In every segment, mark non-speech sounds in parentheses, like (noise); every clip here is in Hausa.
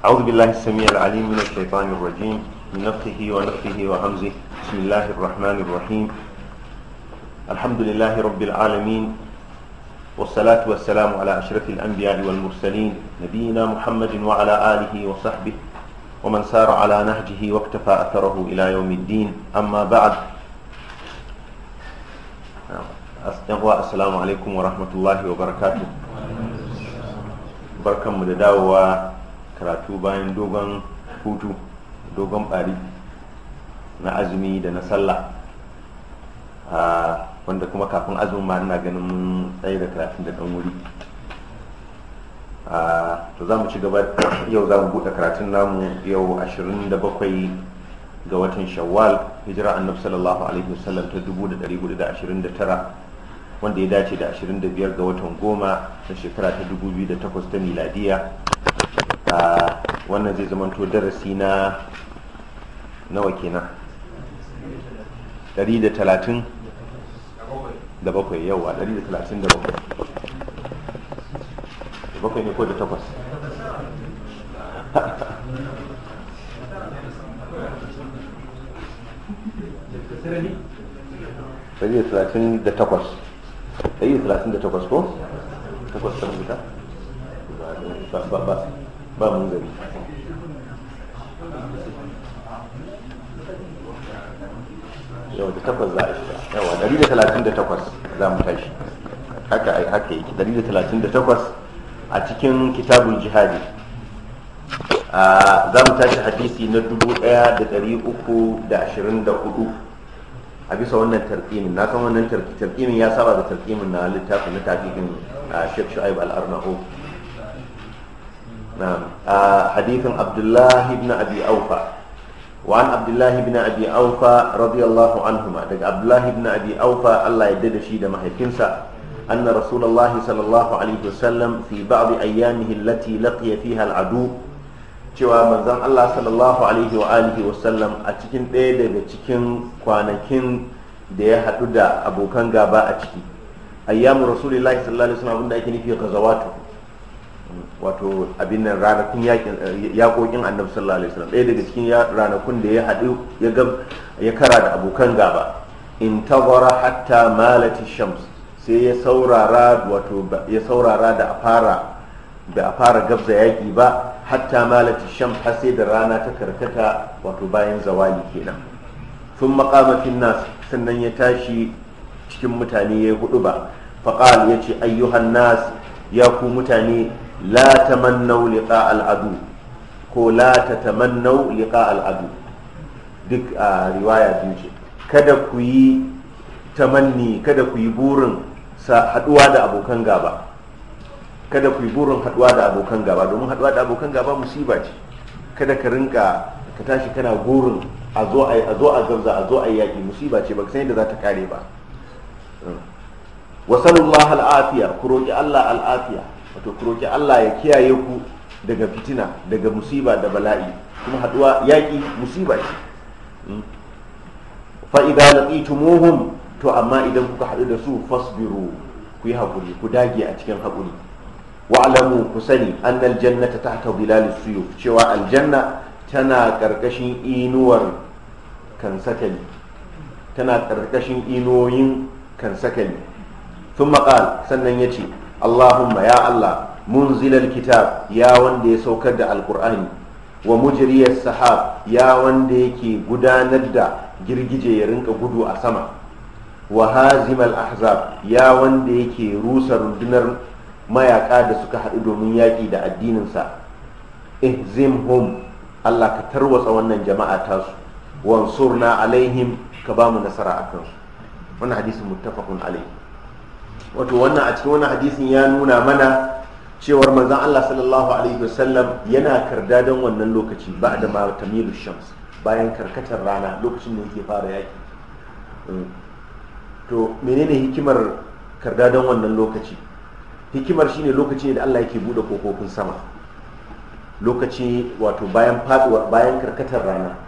أعوذ بالله السميع العليم من الشيطان الرجيم من نفخه ونفخه وهمزه بسم الله الرحمن الرحيم الحمد لله رب العالمين والصلاة والسلام على أشرف الأنبياء والمرسلين نبينا محمد وعلى آله وصحبه ومن سار على نهجه واقتفى أثره إلى يوم الدين أما بعد السلام عليكم ورحمة الله وبركاته بركة مدداوة karatu bayan dogon hutu dogon bari na azumi da na sallah ah, wanda kuma kafin azumin ma ina ganin mun tsaye da karatun da dan wuri ah, to za mu ci gaba (coughs) yau za mu buɗe karatun namu yau 27 ga watan shawwal hijira annab sallallahu alaihi wasallam ta 1129 wanda ya dace da 25 ga watan goma na shekara ta 2008 ta miladiya a wannan zai zama to darasi na nawa kenan Dari da talatin da bakwai yau a dari da talatin da bakwai Da bakwai ne ko da takwas Dari (laughs) da talatin da takwas dari da talatin da takwas ko takwas ta rubuta ba ba ba mun gari yau da takwas za a shiga yawa dari da talatin da takwas za mu tashi haka ai haka yake dari da talatin da takwas a cikin kitabun jihadi za mu tashi hadisi na dubu ɗaya da dari uku da ashirin da hudu a bisa wannan tarkimin na san wannan tarkimin ya saba da tarkimin na littafin na tafikin shek shu'aib al-arnaud نعم حديث عبد الله بن أبي أوفى وعن عبد الله بن أبي أوفى رضي الله عنهما دك عبد الله بن أبي أوفى الله يدد شيد ما يكنسى أن رسول الله صلى الله عليه وسلم في بعض أيامه التي لقي فيها العدو cewa manzon Allah sallallahu alaihi wa alihi sallam a cikin ɗaya daga cikin kwanakin da ya haɗu da abokan gaba a ciki ayyamu rasulillahi sallallahu alaihi wasallam abinda ake nufi ghazawatu wato abin nan ranakun eh, yaƙoƙin annabi sallallahu alaihi wasallam ɗaya daga cikin ranakun da ya haɗu ya kara da abokan gaba in tawara hatta malati shams sai ya saurara wato ya saurara da a fara da a gabza yaƙi ba hatta malati shams har sai da rana ta karkata wato bayan zawali kenan sun maƙamatin nas sannan ya tashi cikin mutane ya yi hudu ba faƙal ya ce ayyuhan nas ya ku mutane la tamannau liqa al'adu ko la tamannau liqa al'adu duk a riwaya biyu ce kada ku yi tamanni kada ku yi burin haɗuwa da abokan gaba kada ku yi burin haɗuwa da abokan gaba domin haɗuwa da abokan gaba musiba ce kada ka rinka ka tashi kana burin a zo a a zo a gabza a zo a yaƙi musiba ce baka san yadda za ta kare ba wa sallallahu al'afiya ku roki Allah al'afiya wato kuroki, Allah ya kiyaye ku daga fitina daga musiba da bala'i kuma haduwa yaƙi musiba ce hmm? fa idza laqitumuhum to amma idan kuka haɗu da su fasbiru ku yi hakuri ku dage a cikin hakuri wa'lamu ku sani annal ta tahta bilalis suyu. cewa aljanna tana ƙarƙashin inuwar kansakali tana ƙarƙashin inuwoyin kansakali sun maƙal sannan ya ce Allahumma ya Allah munzilal kitab ya wanda ya saukar da alkur'ani wa mujiriyar sahab ya wanda yake gudanar da girgije ya rinka gudu a sama wa hazimal ahzab ya wanda yake rusa rundunar mayaka da suka haɗu domin yaƙi da addininsa ihzimhum Allah ka tarwatsa wannan jama'a tasu wansurna alaihim ka ba mu nasara a kansu wannan hadisin muttafaqun alaihi wato wannan a cikin wannan hadisin ya nuna mana cewar manzon Allah sallallahu alaihi wasallam yana karda don wannan lokaci ba da ma tamilu shams bayan karkatar rana lokacin da yake fara yaki mm. to menene hikimar karda don wannan lokaci hikimar shine lokaci ne da Allah yake bude kofofin sama lokaci wato bayan faduwa bayan karkatar rana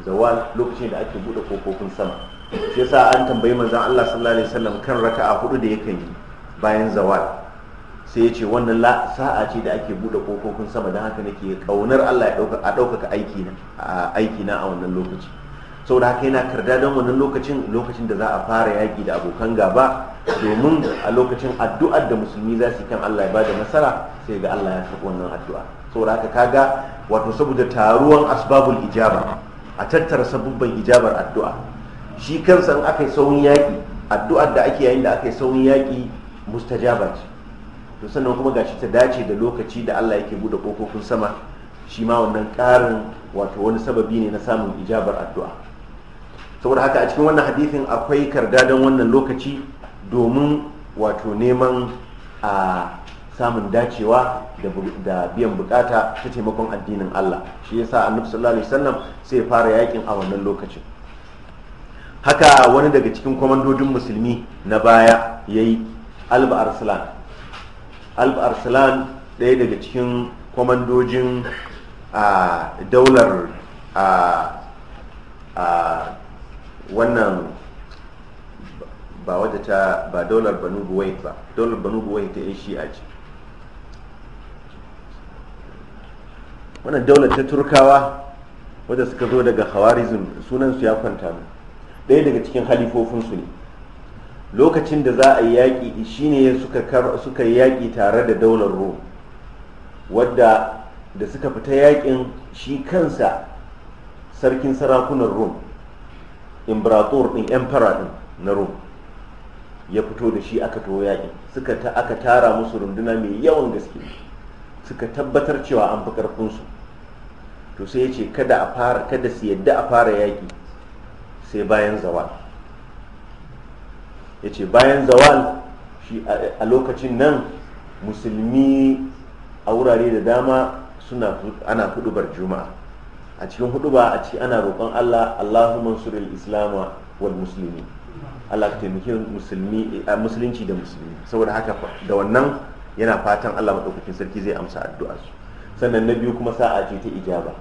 zawal lokaci ne da ake bude kofofin sama shi yasa an tambayi manzon Allah sallallahu alaihi wasallam kan raka'a hudu da yake yi bayan zawal sai ya ce wannan sa'a ce da ake bude kofofin sama dan haka nake kaunar Allah ya dauka a ɗaukaka aiki na aiki na a wannan lokaci saboda haka yana karda dan wannan lokacin lokacin da za a fara yaki da abokan gaba domin a lokacin addu'ar da musulmi za su kan Allah ya bada nasara sai ga Allah ya saka wannan addu'a saboda haka kaga wato saboda taruwan asbabul ijaba a tattara sabubban ijabar addu'a shi kansa in aka yi saurin yaƙi addu'ar da ake yayin da aka yi sauyin yaƙi mustajaba ce to sannan kuma gashi ta dace da lokaci da Allah yake bude kofofin sama shi ma wannan ƙarin wato wani sababi ne na samun ijabar addu'a saboda haka a cikin wannan hadithin akwai don wannan lokaci domin wato neman a samun dacewa da biyan bukata ta taimakon addinin Allah shi yasa annabi sallallahu alaihi wasallam sai fara yakin a wannan lokacin haka wani daga cikin kwamandodin musulmi na baya ya yi alba arsalan alba arsalan ɗaya daga cikin kwamandojin a daular a wannan ba wata ta ba daular banu buwai ba daular banu buwai ta shi a ce wannan daular ta turkawa wadda suka zo daga hawarizm sunansu ya kwanta mu ɗaya daga cikin halifofinsu ne lokacin da za a yi yaƙi shine suka yi yaƙi tare da daular rom wadda da suka fita yaƙin shi kansa sarkin sarakunan rom imperator ɗin emperor ɗin na rom ya fito da shi aka to yaƙin suka ta aka tara musu runduna mai yawan gaske suka tabbatar cewa an fi ƙarfinsu to sai ya ce kada kada su yadda a fara yaƙi sai bayan zawal ya ce bayan zawal shi a lokacin nan musulmi a wurare da dama suna ana hudubar juma'a a cikin huduba a ci ana roƙon allah allahu suril islama wal musulmi allah ka taimaki musulmi musulunci da musulmi saboda haka da wannan yana fatan allah maɗaukakin sarki zai amsa addu'a su sannan na biyu kuma sa'a ce ta ijaba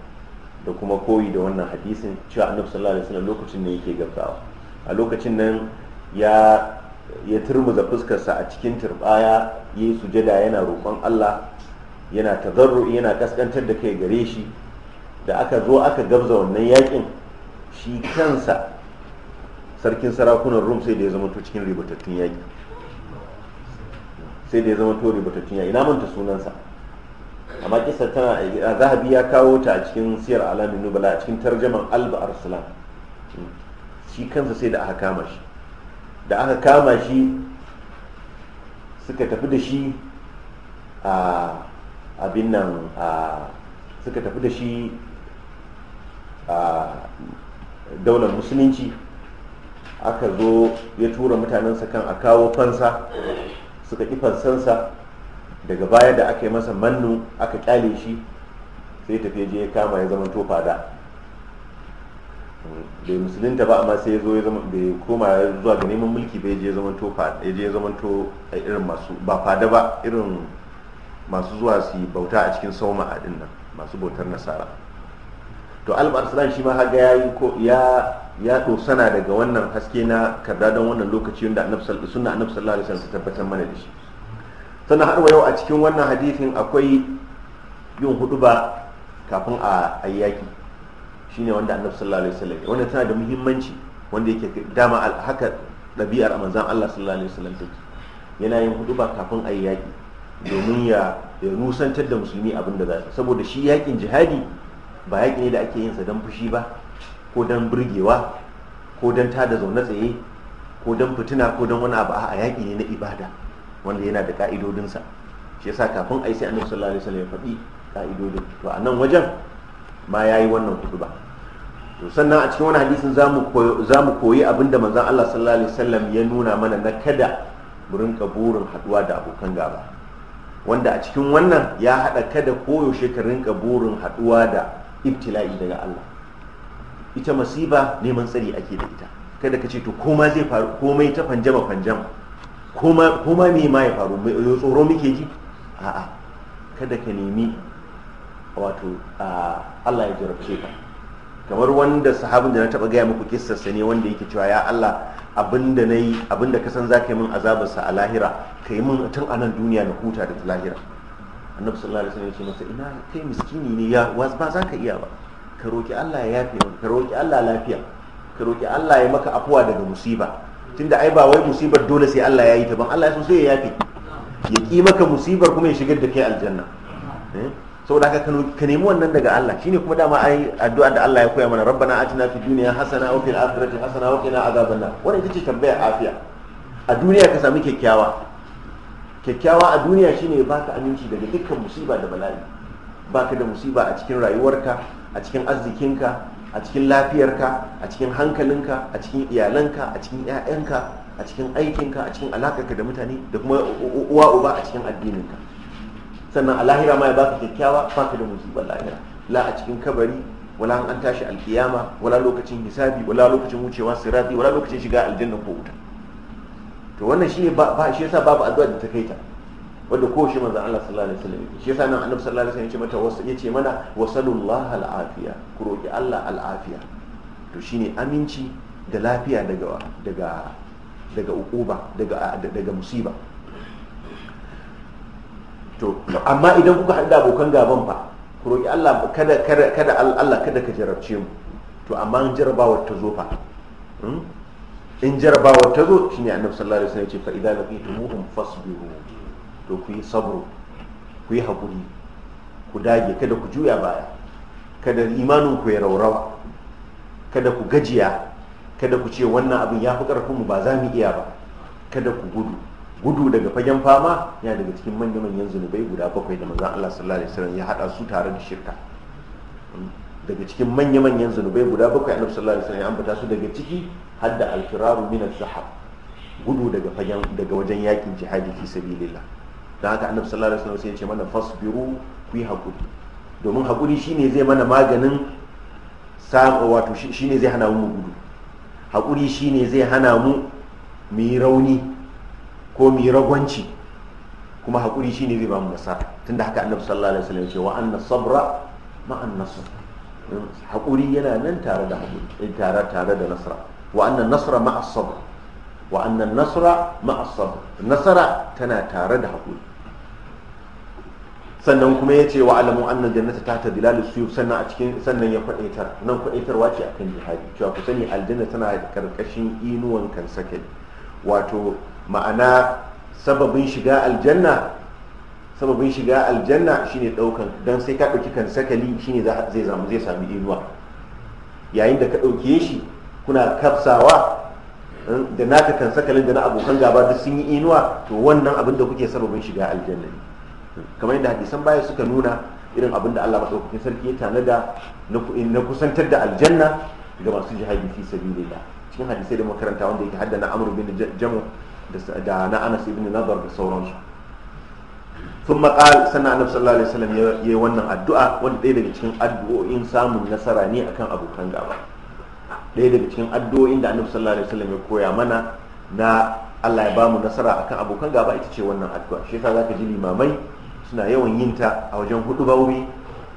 da kuma koyi da wannan hadisin cewa annabi sallallahu alaihi wasallam lokacin ne yake gaggawa a lokacin nan ya ya turmuza sa a cikin turbaya yayi sujada yana roƙon Allah yana tazarru'i yana kaskantar da kai gare shi da aka zo aka gabza wannan yakin shi kansa sarkin sarakunan Rum sai da ya zama to cikin ribatattun yaki sai da ya zama to ribatattun yaki ina manta sunansa amma kisa tana a zahabi ya kawo ta a cikin siyar alamin nubala a cikin tarjaman alba arsalan shi kansa sai da aka kama shi da aka kama shi suka tafi da shi a abin nan a suka tafi da shi a daular musulunci aka zo ya tura mutanensa kan a kawo fansa suka ƙi fansansa daga baya da aka yi masa mannu aka kyale shi sai tafi je ya kama ya zama tofa da bai musulunta ba amma sai ya zo ya bai koma ya zuwa ga neman mulki bai je ya zama tofa ya je ya zama to irin masu ba fada ba irin masu zuwa su bauta a cikin sauma a din nan masu bautar nasara to al arslan shi ma haga ya yi ko ya ya sana daga wannan haske na kaddadan wannan lokaci wanda annabi sallallahu alaihi wasallam tabbatar mana da shi sannan har yau a cikin wannan hadithin akwai yin hudu ba kafin a ayyaki ne wanda annabi sallallahu alaihi wasallam wanda tana da muhimmanci wanda yake dama haka ɗabi'ar manzon Allah sallallahu alaihi wasallam take yana yin hudu ba kafin ayyaki domin ya nusantar da musulmi abin da za su saboda shi yakin jihadi ba yaƙi ne da ake yin sa don fushi ba ko don burgewa ko don tada zaune tsaye ko don fitina ko don wani abu a yaƙi ne na ibada wanda yana da ka'idodinsa shi yasa kafin a yi sai annabi sallallahu alaihi ya faɗi ka'idodin to a nan wajen ma ya yi wannan kudu ba to sannan a cikin wani hadisin za mu koyi abin da manzan Allah sallallahu alaihi wasallam ya nuna mana na kada mu rinka burin haduwa da abokan gaba wanda a cikin wannan ya haɗa kada koyaushe ka rinka burin haduwa da ibtila'i daga Allah ita masiba neman tsari ake da ita kada ka ce to koma faru komai ta fanjama fanjama kuma mai me ma ya faru tsoro muke ji a'a kada ka nemi wato Allah ya jarabce ka kamar wanda sahabin da na taba gaya muku kissarsa ne wanda yake cewa ya Allah abinda yi abinda ka san zaka yi min azabarsa a lahira ka yi min tun anan duniya na huta da lahira annabi sallallahu alaihi wasallam ya ce masa ina kai miskini ne ya ba za ka iya ba ka roki Allah ya yafe ka roki Allah lafiya ka roki Allah ya maka afuwa daga musiba tunda ai ba wai musibar dole sai Allah ya yi ta ban Allah ya so sai ya yafe ya ki maka musibar kuma ya shigar da kai aljanna eh? saboda haka ka nemi wannan daga Allah shine kuma dama ai addu'a da Allah ya koya mana rabbana atina fid dunya hasana wa fil akhirati hasana wa qina azaban nar wannan ita ce tambayar afiya a duniya ka sami kyakkyawa kyakkyawa a duniya shine baka aminci daga dukkan musiba da bala'i baka da musiba a cikin rayuwarka a cikin arzikinka a cikin lafiyarka a cikin hankalinka a cikin iyalanka a cikin 'ya'yanka a cikin aikinka a cikin alakarka da mutane da kuma uwa uba a cikin addininka sannan a lahira ma ya baka kyakkyawa baka da musibar lahira la a cikin kabari wala an tashi alkiyama wala lokacin hisabi wala lokacin wucewa sirafi, wala lokacin shiga aljanna ko wuta to wannan ne ba shi yasa babu addu'a da ta kai ta wanda ko shi manzan Allah sallallahu alaihi wasallam shi yasa nan annabi sallallahu alaihi wasallam yace mata wasu yace mana wasallallahu al'afiya ku roki Allah al'afiya to shine aminci da lafiya daga daga daga ukuba daga daga musiba to amma idan kuka haɗu abokan gaban fa ku roki Allah kada kada kada Allah kada ka jarabce mu to amma in jarabawar ta zo fa hmm? in jarabawar ta zo shine annabi sallallahu alaihi wasallam yace fa idza laqitumuhum fasbiru to ku yi sabro ku yi haƙuri ku dage kada ku juya baya kada imanin ku ya raurawa kada ku gajiya kada ku ce wannan abin ya fi ƙarfinmu ba za mu iya ba kada ku gudu gudu daga fagen fama yana daga cikin manya-manyan zunubai guda bakwai da manzan Allah sallallahu alaihi wasallam ya hada su tare da shirka daga cikin manya-manyan zunubai guda bakwai Allah sallallahu alaihi wasallam ya ambata su daga ciki har da alfiraru min az gudu daga fagen daga wajen yakin jihadi fi sabilillah da haka annabi sallallahu alaihi wasallam sai ya ce mana fasbiru ku yi hakuri domin hakuri shine zai mana maganin wato shine zai hana mu gudu hakuri shine zai hana mu mu yi rauni ko mu yi ragwanci kuma hakuri shine zai ba mu nasara tunda haka annabi sallallahu alaihi wasallam ya ce wa anna sabra ma an nasr hakuri yana nan tare da hakuri tare tare da nasara wa anna nasra ma as-sabr Wa'annan nasara ma'asab nasara tana tare da haƙuri sannan kuma ya ce wa alamu annan jannata ta ta dilal suyuf sannan a cikin sannan ya kwadaitar nan kwadaitarwa ce akan jihadi cewa ku sani aljanna tana karkashin inuwan kan sakali wato ma'ana sababin shiga aljanna sababin shiga aljanna shine daukan dan sai ka ɗauki kan sakali shine zai zai sami inuwa yayin da ka dauke shi kuna kafsawa da naka kan sakalin da na abokan gaba duk sun yi inuwa to wannan abin da kuke sarrafin shiga aljanna ne kamar yadda hadisan baya suka nuna irin abin da Allah madaukakin sarki ya tanada na kusantar da aljanna ga masu jihadi fi sabilillah cikin hadisai da makaranta wanda yake haddana amru bin Jamu da na Anas ibn Nadar da sauransu sun maƙal sannan annabi sallallahu alaihi wasallam ya yi wannan addu'a wanda ɗaya daga cikin addu'o'in samun nasara ne akan abokan gaba ɗaya daga cikin addu'o'in da annabi sallallahu alaihi wasallam ya koya mana na Allah ya bamu nasara akan abokan gaba ita ce wannan addu'a shi yasa zaka ji limamai suna yawan yin ta a wajen hudu bauri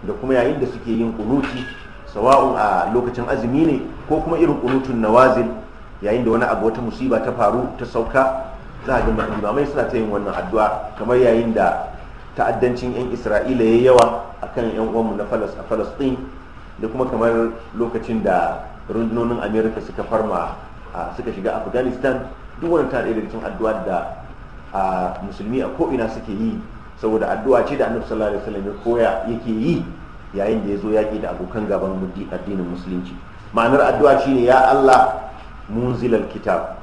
da kuma yayin da suke yin kunuti sawa'un a lokacin azumi ne ko kuma irin kunutun nawazil yayin da wani abu wata musiba ta faru ta sauka za a ga limamai suna ta yin wannan addu'a kamar yayin da ta'addancin 'yan isra'ila ya yawa akan 'yan uwanmu na falastin da kuma kamar lokacin da rundunonin Amerika suka farma suka shiga afghanistan duk wani ta da cikin addu'a da musulmi a ko'ina suke yi saboda addu'a ce da annabi sallallahu alaihi wasallam koya yake yi yayin da ya zo yaƙi da abokan gaban addinin musulunci ma'anar addu'a shi ne ya allah munzilal kitab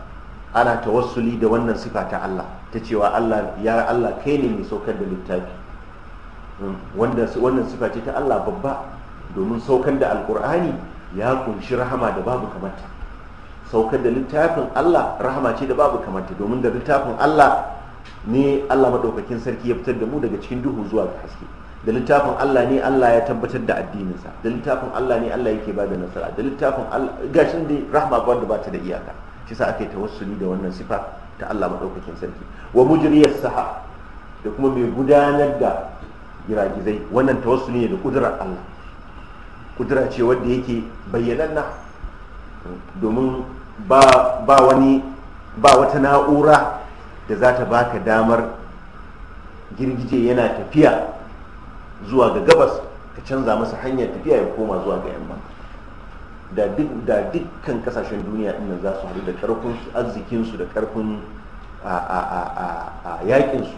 ana tawassuli da wannan sifa ta allah ta cewa allah ya allah kai ne mai saukar da littafi hmm, wannan sifa ce ta allah babba domin saukar da alkur'ani ya kunshi rahama da babu kamata saukar da littafin Allah rahama ce da babu kamata domin da littafin Allah ne Allah maɗaukakin sarki ya fitar da mu daga cikin duhu zuwa ga haske da littafin Allah ne Allah ya tabbatar da addininsa da littafin Allah ne Allah yake bada nasara da littafin Allah gashin da rahama ba da bata da iyaka shi sa aka yi tawassuli da wannan sifa ta Allah maɗaukakin sarki wa mujriyas saha da kuma mai gudanar da giragizai wannan tawassuli ne da kudurar Allah kudura ce wadda yake bayyananna domin ba wani ba wata na'ura da za ta baka damar girgije yana tafiya zuwa ga gabas ka canza masa hanyar tafiya ya koma zuwa ga yamma da dukkan kasashen duniya dinnan za su haɗu da karfin arzikinsu da karfin a yakinsu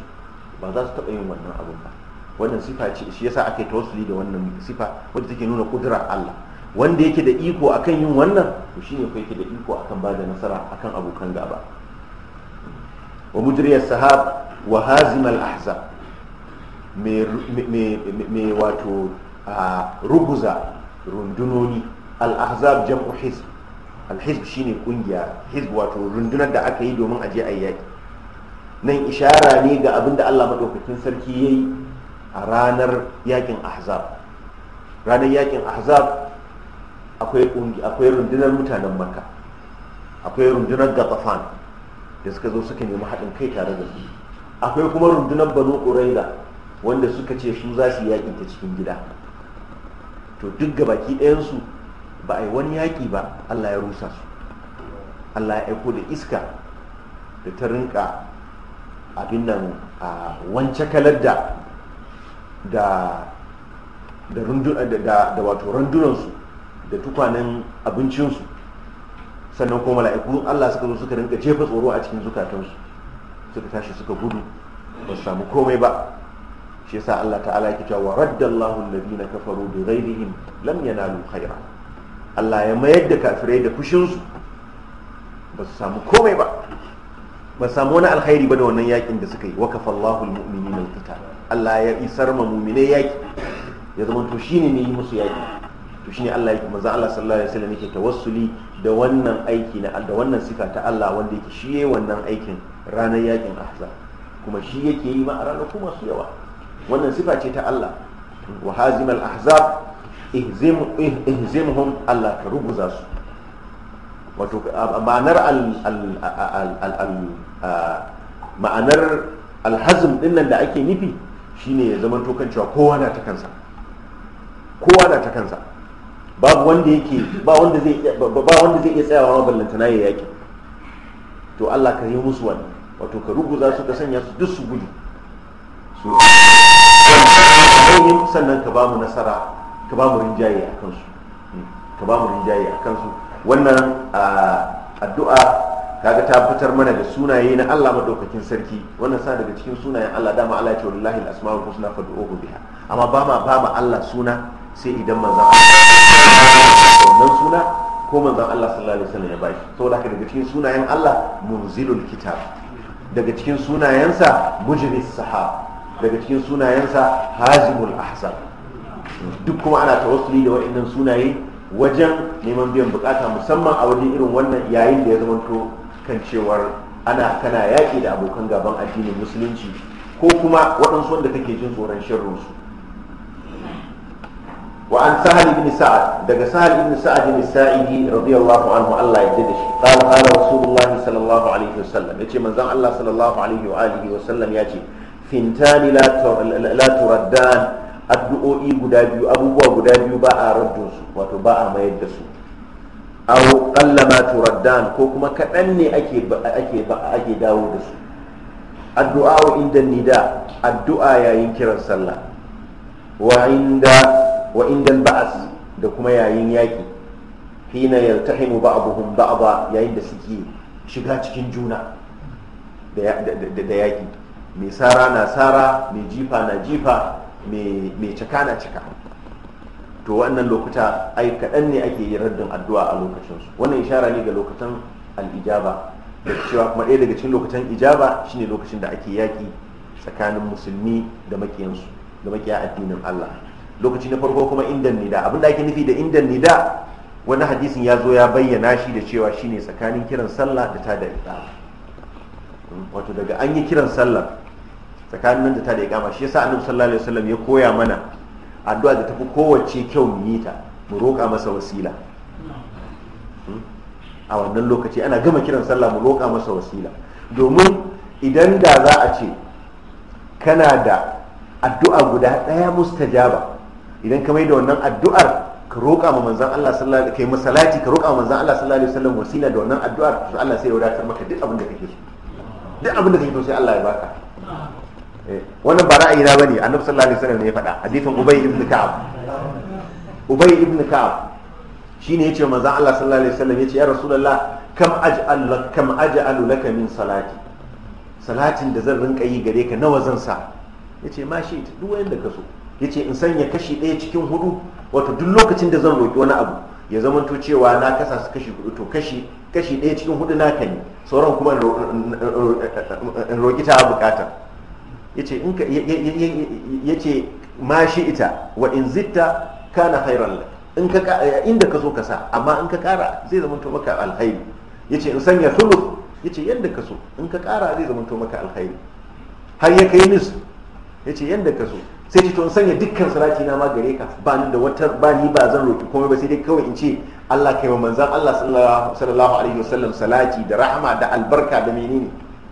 ba za su taɓa yin wannan abin ba wannan sifa ce shi yasa ake tawassuli da wannan sifa wanda take nuna kudura Allah wanda yake da iko akan yin wannan to shine ko yake da iko akan bada nasara akan abokan gaba wa as sahab wa al ahzab me wato ruguza rundunoni al-ahzab jam'u hizb al-hizb shine kungiya hizb wato rundunar da aka yi domin aje ayyaki nan ishara ne ga abinda da Allah madaukakin sarki yayi a ranar yakin ahzab ranar yakin ahzab akwai rundunar mutanen makka akwai rundunar gafafan da suka zo suka nemi haɗin kai tare da su akwai kuma rundunar banu ƙuraida wanda suka ce su za su yakin ta cikin gida to duk ga baki ɗayansu ba a yi wani yaƙi ba allah ya rusa su allah ya aiko da iska da ta rinka abin nan a wance kalar da da da wato rundunansu da tukwanen abincinsu sannan kuma mala'ikun Allah suka zo suka rinka jefa tsoro a cikin zukatansu suka tashi suka gudu ba su samu komai ba shi yasa Allah ta'ala yake cewa raddallahu alladhina kafaru bi ghayrihim lam yanalu khaira Allah ya mayar da kafirai da fushinsu ba su samu komai ba ba su samu wani alkhairi ba da wannan yakin da suka yi wa kafallahu almu'minina alqital Allah ya isar ma mumine yaki ya zama to shine ne yi musu yaki to shine Allah ya manzo Allah sallallahu alaihi wasallam yake tawassuli da wannan aiki na da wannan sifa ta Allah wanda yake shi wannan aikin ranar yakin ahzab kuma shi yake yi ma a ranar kuma su yawa wannan sifa ce ta Allah wa al ahzab ihzimhum Allah ka rubuza su wato ma'anar al ma'anar alhazm din nan da ake nufi shine ya zama tokan cewa kowa na ta kansa kowa na ta kansa babu wanda yake ba wanda zai ba wanda zai iya tsayawa ma ballantana ya yaki to Allah ka yi musu wani wato ka za su ka sanya su duk su gudu su sannan ka ba mu nasara ka ba mu rinjaye a kansu hmm. ka ba mu rinjaye a kansu wannan ah, addu'a kaga ta fitar mana da sunaye na Allah madaukakin sarki wannan sa daga cikin sunayen Allah dama Allah ya ce wallahi al-asmaul husna fad'uhu biha amma ba ma ba ma Allah suna sai idan manzon Allah wannan suna ko manzon Allah sallallahu alaihi wasallam ya bashi saboda haka daga cikin sunayen Allah munzilul kitab daga cikin sunayensa mujris sahab daga cikin sunayensa hazimul ahzab duk kuma ana tawassuli da waɗannan sunaye wajen neman biyan bukata musamman a wajen irin wannan yayin da ya zama zamanto kan cewar ana kana yaƙi da abokan gaban addinin musulunci ko kuma waɗansu wanda kake jin tsoron sharrinsu wa an sahal ibn sa'ad daga sahal ibn sa'ad ibn sa'idi radiyallahu anhu Allah ya jada shi qala qala rasulullahi sallallahu alaihi wasallam yace manzon Allah sallallahu alaihi wa alihi wasallam yace fintani la la turaddan addu'o'i guda biyu abubuwa guda biyu ba a raddun su wato ba a mayar da su aw qallama turaddan ko kuma kaɗan ne ake ake dawo da su addu'a inda nida addu'a yayin kiran sallah wa inda wa inda baas da kuma yayin yaki hina yaltahimu ba'dhum ba'dha yayin da suke shiga cikin juna da yaki mai sara na sara mai jifa na jifa mai cika na cika to wannan lokuta ai kaɗan ne ake yi raddin addu'a a lokacinsu wannan ishara ne ga lokacin al'ijaba da cewa kuma ɗaya daga cikin lokacin ijaba shine lokacin da ake yaƙi tsakanin musulmi da maƙiyansu da maƙiya addinin Allah lokaci na farko kuma indan nida abin da ake nufi da indan nida wani hadisin ya zo ya bayyana shi da cewa shine tsakanin kiran sallah da ta da iqama wato daga an yi kiran sallah tsakanin nan da tada iqama shi yasa annabi sallallahu alaihi wasallam ya koya mana addu'a da tafi kowace kyau mu yi ta mu roƙa masa wasila hmm? a wannan lokaci ana gama kiran sallah mu roƙa masa wasila domin idan da za a ce kana da addu'a guda ɗaya mustajaba idan ka mai da wannan addu'ar ka roƙa ma manzan Allah sallallahu alaihi wasallam masalati ka roƙa ma manzan Allah sallallahu alaihi wasallam wasila da wannan addu'ar to Allah sai ya wadatar maka duk abin da kake so duk abin da kake so sai Allah ya baka wannan ba ra'ayi na bane annabi sallallahu alaihi wasallam ne ya faɗa hadithin ubay ibn ka'ab ubay ibn ka'ab shine yace manzo Allah sallallahu alaihi wasallam yace ya rasulullah kam aj'al lak kam aj'alu laka min salati salatin da zan rinka yi gare ka nawa zan sa yace ma shi duk wanda ka so yace in sanya kashi ɗaya cikin hudu wato duk lokacin da zan roki wani abu ya zama to cewa na kasa su kashi hudu to kashi kashi ɗaya cikin hudu na kan sauran kuma in roki ta bukata yace in ka ma shi ita wa in zitta kana khairan lak in ka inda ka so ka sa amma in ka kara zai zama to maka alkhairi yace in sanya thuluth yace yanda ka so in ka kara zai zama to maka alkhairi har ya kai nis yace yanda ka so sai ce to in sanya dukkan salati na ma gare ka ba ni da wata ba ni ba zan roki komai ba sai dai kawai in ce Allah kai wa manzon Allah sallallahu alaihi wasallam salati da rahama da albarka da menene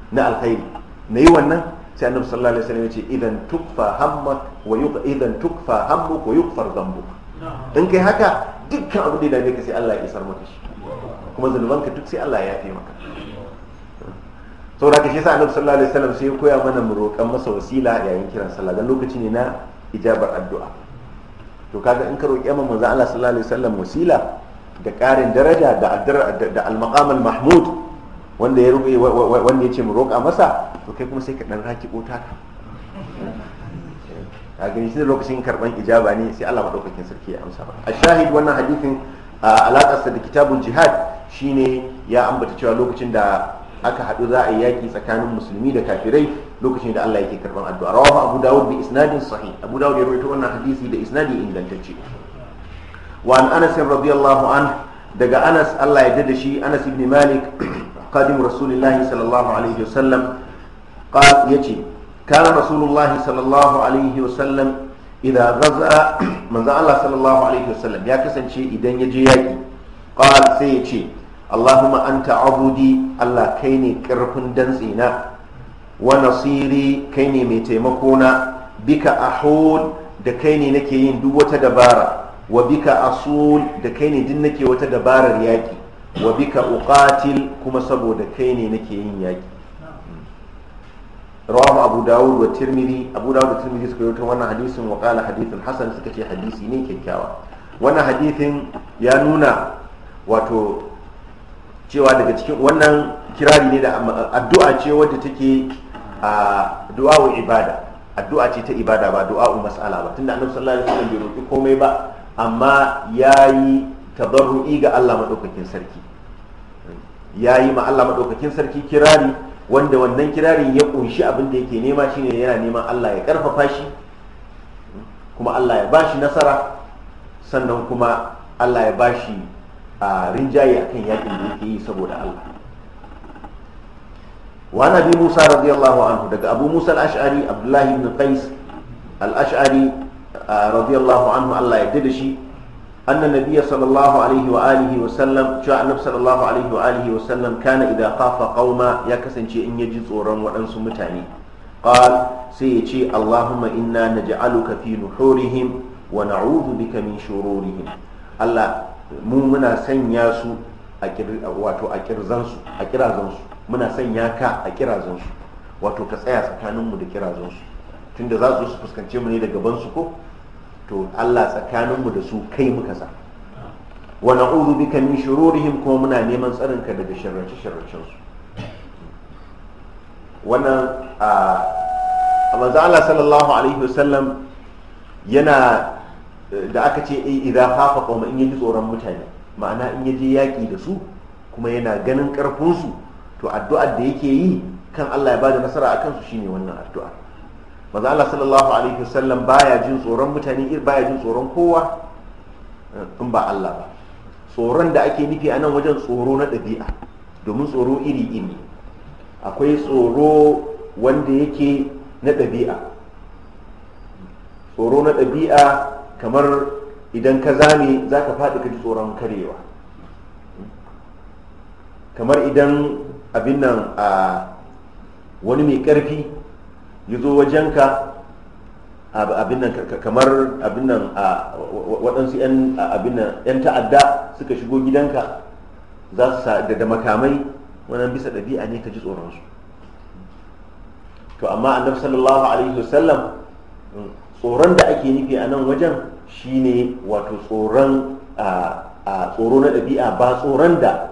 na alkhairi na yi wannan sai annabi sallallahu alaihi wasallam ya ce idan tukfa hamma wa yuq idan tukfa hammuk wa yughfar dhanbuk in kai haka dukkan abin da dame ka sai Allah ya isar maka shi kuma zanubanka duk sai Allah ya yafe maka saboda shi yasa annabi sallallahu alaihi wasallam sai ya koya mana mu roƙan masa wasila yayin kiran sallah dan lokaci ne na ijabar addu'a to kaga in ka roƙi amma manzo Allah sallallahu alaihi wasallam wasila da ƙarin daraja da da al-maqam al-mahmud wanda ya rubu wanda ya ce mu roƙa masa to kai kuma sai ka dan raki bota ka a gani shi lokacin karban ijaba ne sai Allah madaukakin sarki ya amsa ba a shahid wannan hadisin alaƙarsa da kitabun jihad shine ya ambata cewa lokacin da aka haɗu za a yi yaƙi tsakanin musulmi da kafirai lokacin da Allah yake karban addu'a rawahu abu dawud bi isnadin sahih abu dawud ya rubuta wannan hadisi da isnadi ingantacce wa an anas radiyallahu an daga anas Allah ya da shi anas ibn malik قادم رسول الله صلى الله عليه وسلم قال يجي كان رسول الله صلى الله عليه وسلم إذا غزا من الله صلى الله عليه وسلم يا كسن شيء إذن يجي يجي قال سيجي اللهم أنت عبدي الله كيني كرفن دنسينا ونصيري كيني ميتيمكونا بك أحول دكيني نكيين دوة دبارة وبك أصول دكيني دنكي وتدبارة ياجي wa bika uqatil kuma saboda kai ne nake yin yaki rawahu abu dawud wa tirmidhi abu dawud da tirmidhi suka yi wannan hadisin wa qala hadithun hasan suka ce hadisi ne kyakkyawa wannan hadithin ya nuna wato cewa daga cikin wannan kirari ne da addu'a ce wadda take a du'a ibada addu'a ce ta ibada ba du'a mas'ala ba tunda annabi sallallahu alaihi wasallam bai roki komai ba amma yayi tabarru'i ga Allah madaukakin sarki yayi ma Allah madaukakin sarki kirari wanda wannan kirarin ya kunshi abin da yake nema shine yana neman Allah ya karfafa shi kuma Allah ya bashi nasara sannan kuma Allah ya bashi a rinjaye akan yakin da yake yi saboda Allah wa nabi Musa radiyallahu anhu daga Abu Musa al-Ash'ari Abdullah ibn Qais al-Ash'ari radiyallahu anhu Allah ya da shi أن النبي صلى الله عليه وآله وسلم جاء النبي صلى الله عليه وآله وسلم كان إذا خاف قوما يكسن شيء إن يجد صورا وأنس متاني قال سيتي اللهم إنا نجعلك في نحورهم ونعوذ بك من شرورهم الله mu muna sanya su a wato a kirzansu a kirazansu muna sanya ka a kirazansu wato ka tsaya tsakaninmu da kirazansu tunda za su fuskance mu ne da gabansu ko to Allah tsakaninmu da su kai muka sa wa na'udhu bika min shururihim kuma muna neman tsarinka daga sharrace sharracen su wannan a manzo Allah sallallahu alaihi wasallam yana da aka ce eh idza khafa qawma in yaji tsoron mutane ma'ana in yaji yaki da su kuma yana ganin karfin su to addu'ar da yake yi kan Allah ya bada nasara akan su shine wannan addu'a maza Allah sallallahu alaihi wasallam baya jin tsoron mutane baya jin tsoron kowa eh, in ba Allah ba tsoron da ake nufi a nan wajen tsoro na ɗabi'a domin tsoro iri iri akwai tsoro wanda yake na ɗabi'a tsoro na ɗabi'a kamar idan ka zame za ka faɗi ka ji tsoron karewa kamar idan abin nan a ah, wani mai ƙarfi ya zo wajenka abin nan kamar abin nan waɗansu 'yan ta'adda suka shigo gidanka za su da makamai wannan bisa ɗabi'a ne ka ji tsoronsu to amma annabi sallallahu alaihi wasallam mm, tsoron da ake nufi a nan wajen shine wato tsoron a tsoro na ɗabi'a ba tsoron da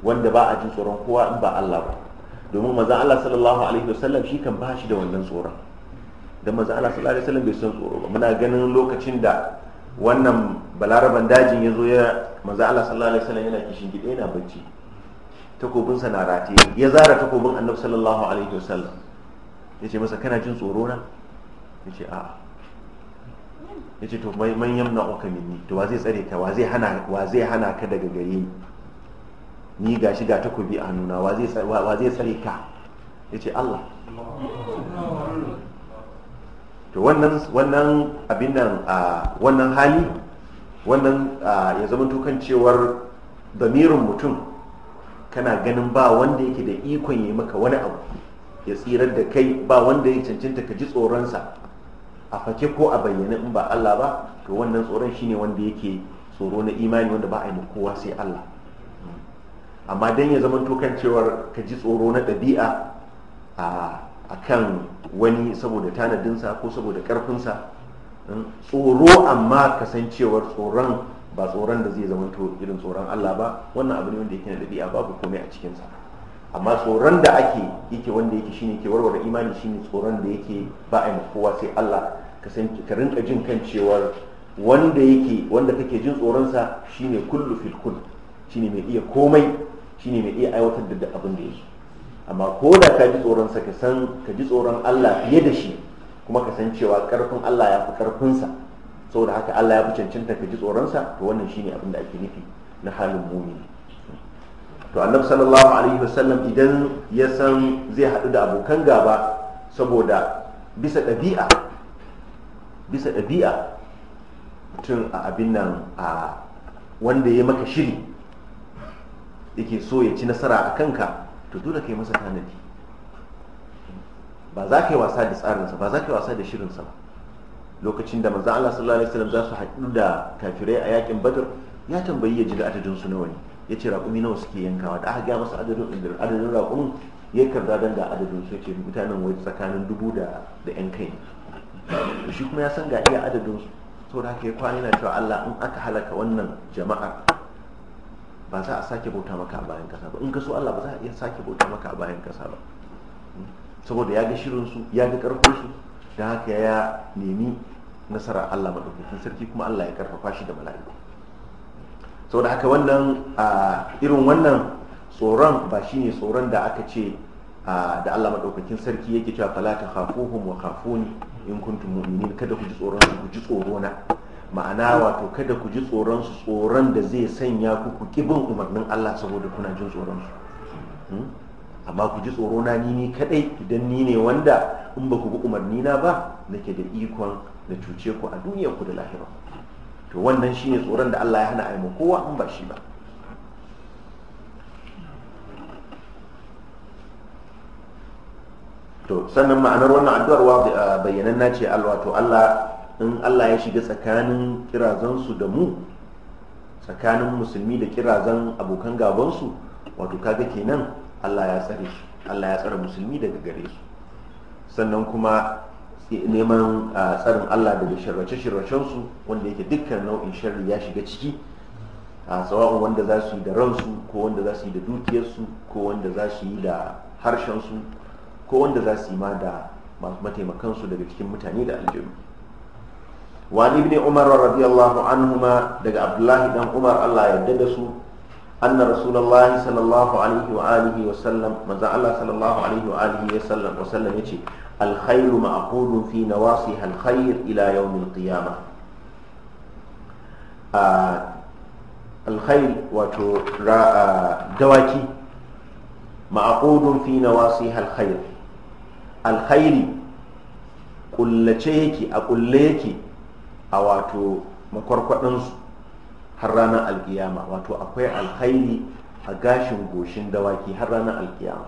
wanda ba a jin tsoron kowa in ba Allah ba domin maza Allah sallallahu alaihi wasallam shi kan ba shi da wannan tsoron da maza Allah sallallahu alaihi wasallam bai san tsoro ba muna ganin lokacin da wannan balaraban dajin ya zo ya maza Allah sallallahu alaihi wasallam yana kishin gida yana bacci takobinsa na rataye ya zara takobin annabi sallallahu alaihi wasallam ya ce masa kana jin tsoro na ya ce a'a ya ce to manyan na'uka uka minni to wa zai tsare ka wa zai hana ka daga gare ni ni ga shi ga takobi a nuna wa zai tsare ka ya ce Allah to wannan abin nan a wannan hali wannan ya zama tukan cewar damirin mutum kana ganin ba wanda yake da ikon yi maka wani abu ya tsirar da kai ba wanda ya cancanta ka ji tsoronsa a fake ko a bayyane in ba Allah ba to wannan tsoron shine wanda yake tsoro na imani wanda ba a yi kowa sai Allah amma dan ya zama kan cewar ka ji tsoro na ɗabi'a a kan wani saboda tanadinsa ko saboda ƙarfinsa hmm, tsoro amma kasancewar tsoron ba tsoron da zai zama irin tsoron Allah ba wannan abu ne wanda yake na ɗabi'a babu komai a cikinsa amma tsoron da ake yake wanda yake shine ke warware imani shine tsoron da yake ba a kowa sai Allah ka rinka jin kan cewar wanda yake wanda kake jin tsoronsa shine kullu fil kull shine mai iya komai shine mai iya aiwatar da abin da ya yake amma ko da ka ji tsoron sa ka san ka ji tsoron Allah fiye da shi kuma ka san cewa karfin Allah ya fi karfin sa saboda haka Allah ya fi cancanta ka ji tsoron sa to wannan shine abin da ake nufi na halin mumini to annabi sallallahu alaihi wasallam idan ya san zai haɗu da abokan gaba saboda bisa ɗabi'a bisa ɗabi'a mutum a abin nan a wanda ya maka shiri yake so ya ci nasara a kanka to dole ka yi masa tanadi ba za ka yi wasa da tsarinsa ba za ka yi wasa da shirinsa ba lokacin da manzan Allah sallallahu alaihi wasallam za su haɗu da kafirai a yakin badar ya tambayi ya ji da adadin su nawa ne ya ce raƙumi nawa suke yankawa da aka gaya masa adadin adadin raƙumin ya karza dan ga adadin su mutanen wai tsakanin dubu da da yan kai ne shi kuma ya san ga iya adadin su saboda haka ya kwana yana cewa Allah in aka halaka wannan jama'a ba za a sake bauta maka a bayan kasa ba in ka so Allah ba za a iya sake bauta maka a bayan kasa ba saboda ya ga su ya ga su da haka ya nemi nasara Allah madaukakin sarki kuma Allah ya karfafa shi da mala'iku saboda haka wannan irin wannan tsoron ba shi ne tsoron da aka ce da Allah madaukakin sarki yake cewa fala ta khafuhum wa khafuni in kuntum mu'minin kada ku ji tsoron ku ji tsoro na ma'ana wato kada ku ji tsoron su tsoron da zai sanya ku ku ki bin umarnin Allah saboda kuna jin tsoron su hmm? amma ku ji tsoro na ni kadai idan ni ne wanda in ba ku bi umarni na ba nake da ikon na cuce ku a duniyar ku da lahira to wannan shine tsoron da Allah ya hana aima kowa in ba shi ba to sannan ma'anar wannan addu'ar wa bayanan na ce Allah to Allah in allah ya shiga tsakanin kirazansu da mu tsakanin musulmi da kirazan abokan gabansu wato kaga kenan allah ya tsare shi allah ya tsare musulmi daga gare su sannan kuma neman tsarin allah daga shirrace shiracensu wanda yake dukkan nau'in sharri ya shiga ciki a tsawon wanda za su yi da ransu ko wanda za su yi da dukiyarsu ko wanda za su yi da harshensu ko wanda za su yi ma da masu mataimakansu daga cikin mutane da aljihu wani ibn umar radiyallahu anhuma daga abdullahi ɗan umar Allah ya da su anna rasulullah sallallahu alaihi wa alihi wa sallam manzo Allah sallallahu alaihi wa alihi wa sallam wa sallam yace al khairu ma'qulun fi nawasiha ila yawm al qiyamah al wato dawaki ma'qulun fi nawasiha al khair yake a kulle yake a wato makwarkwadinsu har ranar alkiyama wato akwai alkhairi a gashin goshin dawaki har ranar alkiyama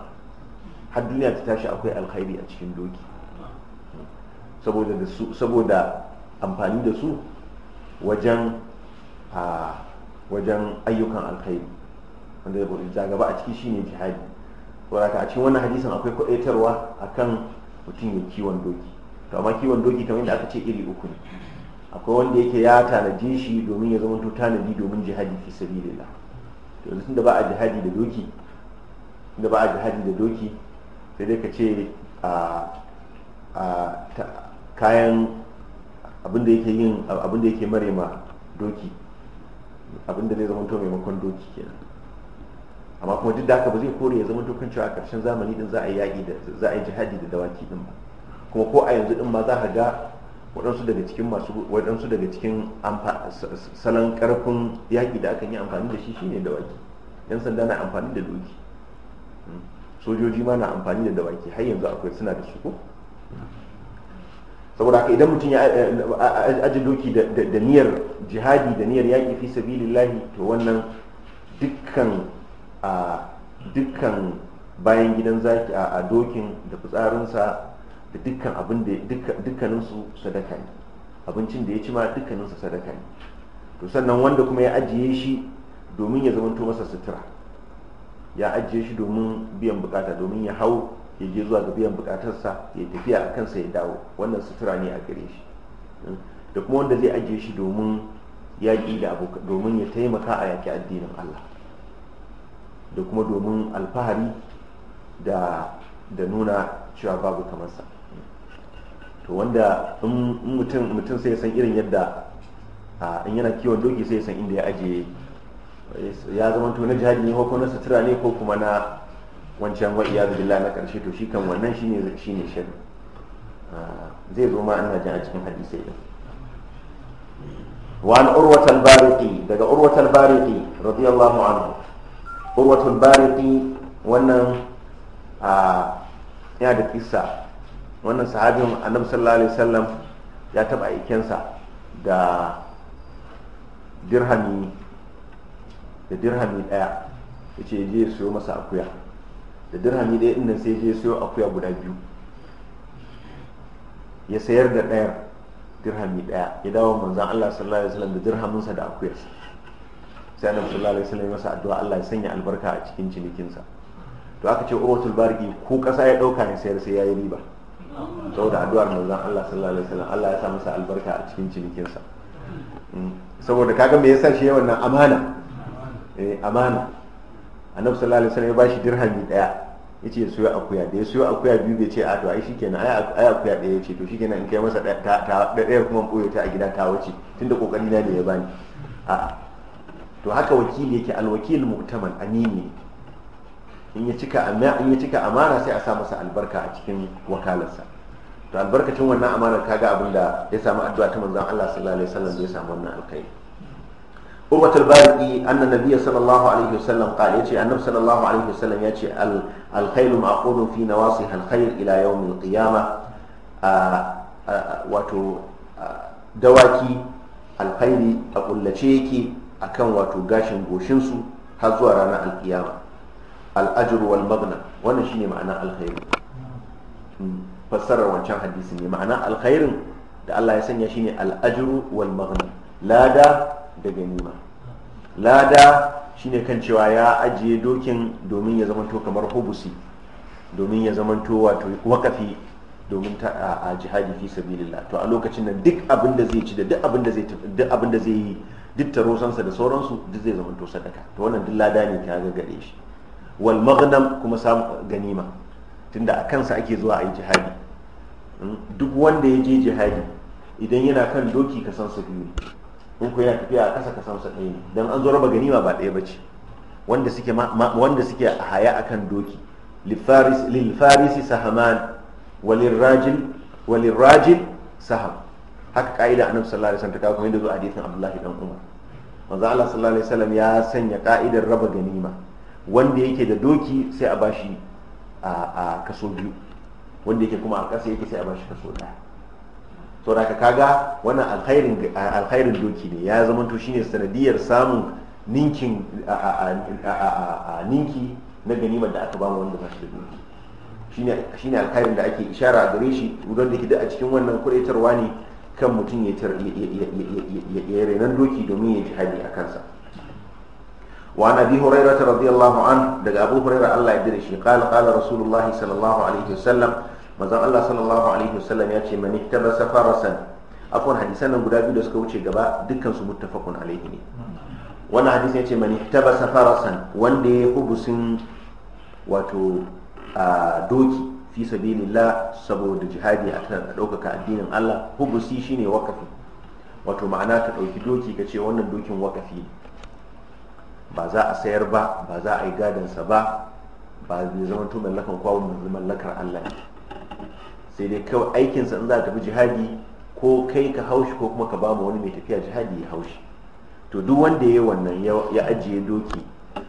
har duniya ta tashi akwai alkhairi a cikin doki saboda amfani da su wajen a wajen ayyukan alkhairi wanda ya gaba a ciki shine jihadi saboda a cikin wannan hadisan akwai kwadaitarwa akan mutum ya kiwon doki to amma kiwon doki kamar yadda aka ce iri uku ne akwai wanda yake ya tanaji shi domin ya zama to tanadi domin jihadi fi sabilillah to yanzu tunda ba a jihadi da doki tunda ba a jihadi da doki sai dai ka ce a kayan abinda yake yin abinda yake ma doki abinda zai zama to maimakon doki kenan amma kuma duk da haka ba zai kore ya zama dukkan cewa a zamani din za a yi yaƙi da za a yi jihadi da dawaki din ba kuma ko a yanzu din ma za ka ga waɗansu daga cikin masu waɗansu daga cikin salon ƙarfin yaƙi da akan yi amfani da shi shine dawaki yan sanda na amfani da doki hmm. sojoji ma na amfani da dawaki har yanzu akwai suna da su ko saboda haka idan mutum ya eh, aji doki da niyyar jihadi da niyyar yaƙi fi sabilillahi to wannan dukkan a dukkan bayan gidan zaki a dokin da fitsarinsa da dukkan abin da dukkanin sadaka ne abincin da ya ci ma dukkanin sadaka ne to sannan wanda kuma ya ajiye shi domin ya zamanto masa sutura ya ajiye shi domin biyan bukata domin ya hau ya je zuwa ga biyan bukatarsa ya tafiya a kansa ya dawo wannan sutura ne a gare shi da kuma wanda zai ajiye shi domin yaƙi da abokan domin ya taimaka a yaƙi addinin Allah da kuma domin alfahari da nuna cewa babu kamar sa to wanda in mutum sai san irin yadda in yana kiwon doki sai san inda ya ajiye ya zama to na jihadi ne ko na sutura ne ko kuma na wancan wa iyadu billah na karshe to shi kan wannan shine shine shirin zai zo ma ana jin a cikin hadisai din وعن عروة البارقي daga عروة البارقي radiyallahu anhu عنه عروة wannan a yana da قصة wannan sahabin annabi sallallahu alaihi wasallam ya taba aikensa da dirhami da dirhami daya ya ce je ya siyo masa akuya da dirhami daya inda sai je siyo akuya guda biyu ya sayar da daya dirhami daya ya dawo manzan Allah sallallahu alaihi wasallam da dirhaminsa da akuyarsa sai annabi sallallahu alaihi wasallam ya masa addu'a Allah ya sanya albarka a cikin cinikinsa to aka ce uwatul bariki ko kasa ya dauka ne sayar sai yayi riba saboda addu'ar manzon Allah sallallahu alaihi wasallam Allah ya sa masa albarka a cikin cinikinsa mm. saboda kaga me yasa shi wannan amana eh amana annabi sallallahu alaihi wasallam ya bashi dirhami daya yace ya siyo akuya da ya siyo akuya biyu bai ce a to ai shikenan ai akuya daya yace to shikenan in kai masa ta daya kuma boye ta a gida ta wuce tunda kokari na da ya bani a to haka wakili yake alwakil muktamal amini in ya cika amana sai a sa masa albarka a cikin wakalarsa to albarkacin wannan amanar kaga abin da ya samu addu'a ta manzon Allah sallallahu alaihi wasallam da ya samu wannan alkhairi Urwat al-Bariqi anna nabiyya sallallahu alaihi wasallam qala yace annabi sallallahu alaihi wasallam yace al-khairu ma'qudun fi nawasiha al-khair ila yawm al-qiyamah wato dawaki alkhairi a kullace yake akan wato gashin goshinsu, su har zuwa ranar alkiyama Al'ajiru wal magna wannan shine ma'ana alkhairi. Hmm. fassarar wancan hadisi ne ma'ana alkhairin da Allah ya sanya shine al'ajiru wal magna lada da ganima lada shine kan cewa ya ajiye dokin domin ya zamanto kamar hubusi domin ya zamanto wato wakafi domin ta a jihadi fi sabilillah to a lokacin nan duk abin da zai ci da duk abin da zai duk abin da zai yi duk tarosansa da sauransu duk zai zamanto sadaka to wannan duk lada ne ta ga gare shi wal maghnam kuma samu ganima tunda a kansa ake zuwa a yi jihadi hmm? duk wanda ya je jihadi idan yana kan doki ka san su biyu in ku yana tafiya a ƙasa ka san su ɗaya ne dan an zo raba ganima ba ɗaya bace wanda suke wanda suke a haya akan doki lil farisi sahaman walil rajil saham haka ka'ida annabi sallallahu alaihi wasallam ta kawo kamar yadda zo hadisin Abdullahi dan Umar manzo Allah sallallahu alaihi wasallam ya sanya ka'idar raba ganima wanda yake da doki sai a bashi a kaso biyu wanda yake kuma a ƙasa yake sai a bashi kaso ɗaya to da kaga wannan alkhairin doki ne ya zama to shine sanadiyar samun ninkin a ninki na ganimar da aka ba wanda ba shi da doki shine alkhairin da ake ishara gare shi wurin da ke da a cikin wannan kuraitarwa ne kan mutum ya renan doki domin ya ji hadi a kansa وعن أبي هريرة رضي الله عنه دق أبو هريرة الله يدرشي قال قال رسول الله صلى الله عليه وسلم مزان الله صلى الله عليه وسلم يأتي من احتبس فرسا أكون حديثنا قد أبي دوسك وشي قبا دكا متفق عليه وانا حديث يأتي من احتبس فرسا وان دي حبس واتو دوكي fi sabilillah saboda jihadi a kan ɗaukaka addinin Allah hubusi shine wakafi wato ma'ana ka ɗauki doki ka ce wannan dokin wakafi ne ba za a sayar ba ba za a yi gadansa ba ba zai zama to mallakan kwawun manzu mallakar Allah sai dai kawai aikinsa in za a tafi jihadi ko kai ka haushi ko kuma ka ba mu wani mai tafiya jihadi ya haushi to duk wanda ya yi wannan ya ajiye doki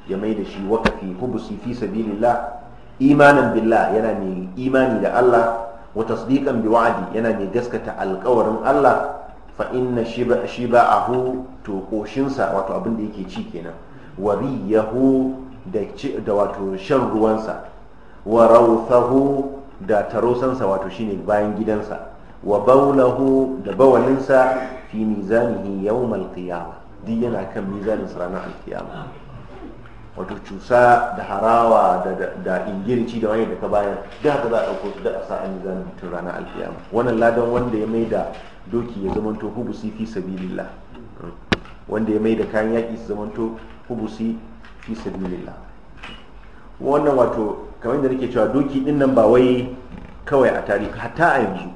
ya mai da shi wakafi hubusi fi sabilillah Imanin billah yana mai imani da Allah wa tasdiqan bi wa'adi yana mai gaskata alkawarin Allah fa inna shiba shiba to koshinsa wato abin da yake ci kenan wariyahu da wato shan ruwansa wa rauthahu da tarosansa wato shine bayan gidansa wa baulahu da bawalinsa fi mizanihi yawmal qiyama duk yana kan mizanin ranar alkiyama wato cusa da harawa da ingirci da wani da ka bayan da haka za a ɗauko su da a sa mizanin ranar alkiyama wannan ladan wanda ya mai da doki ya zamanto hubusi fi sabilillah wanda ya mai da kayan yaƙi su zamanto hubusi fi sabilillah wannan wato kamar da nake cewa doki din nan ba wai kawai a tarihi hatta a yanzu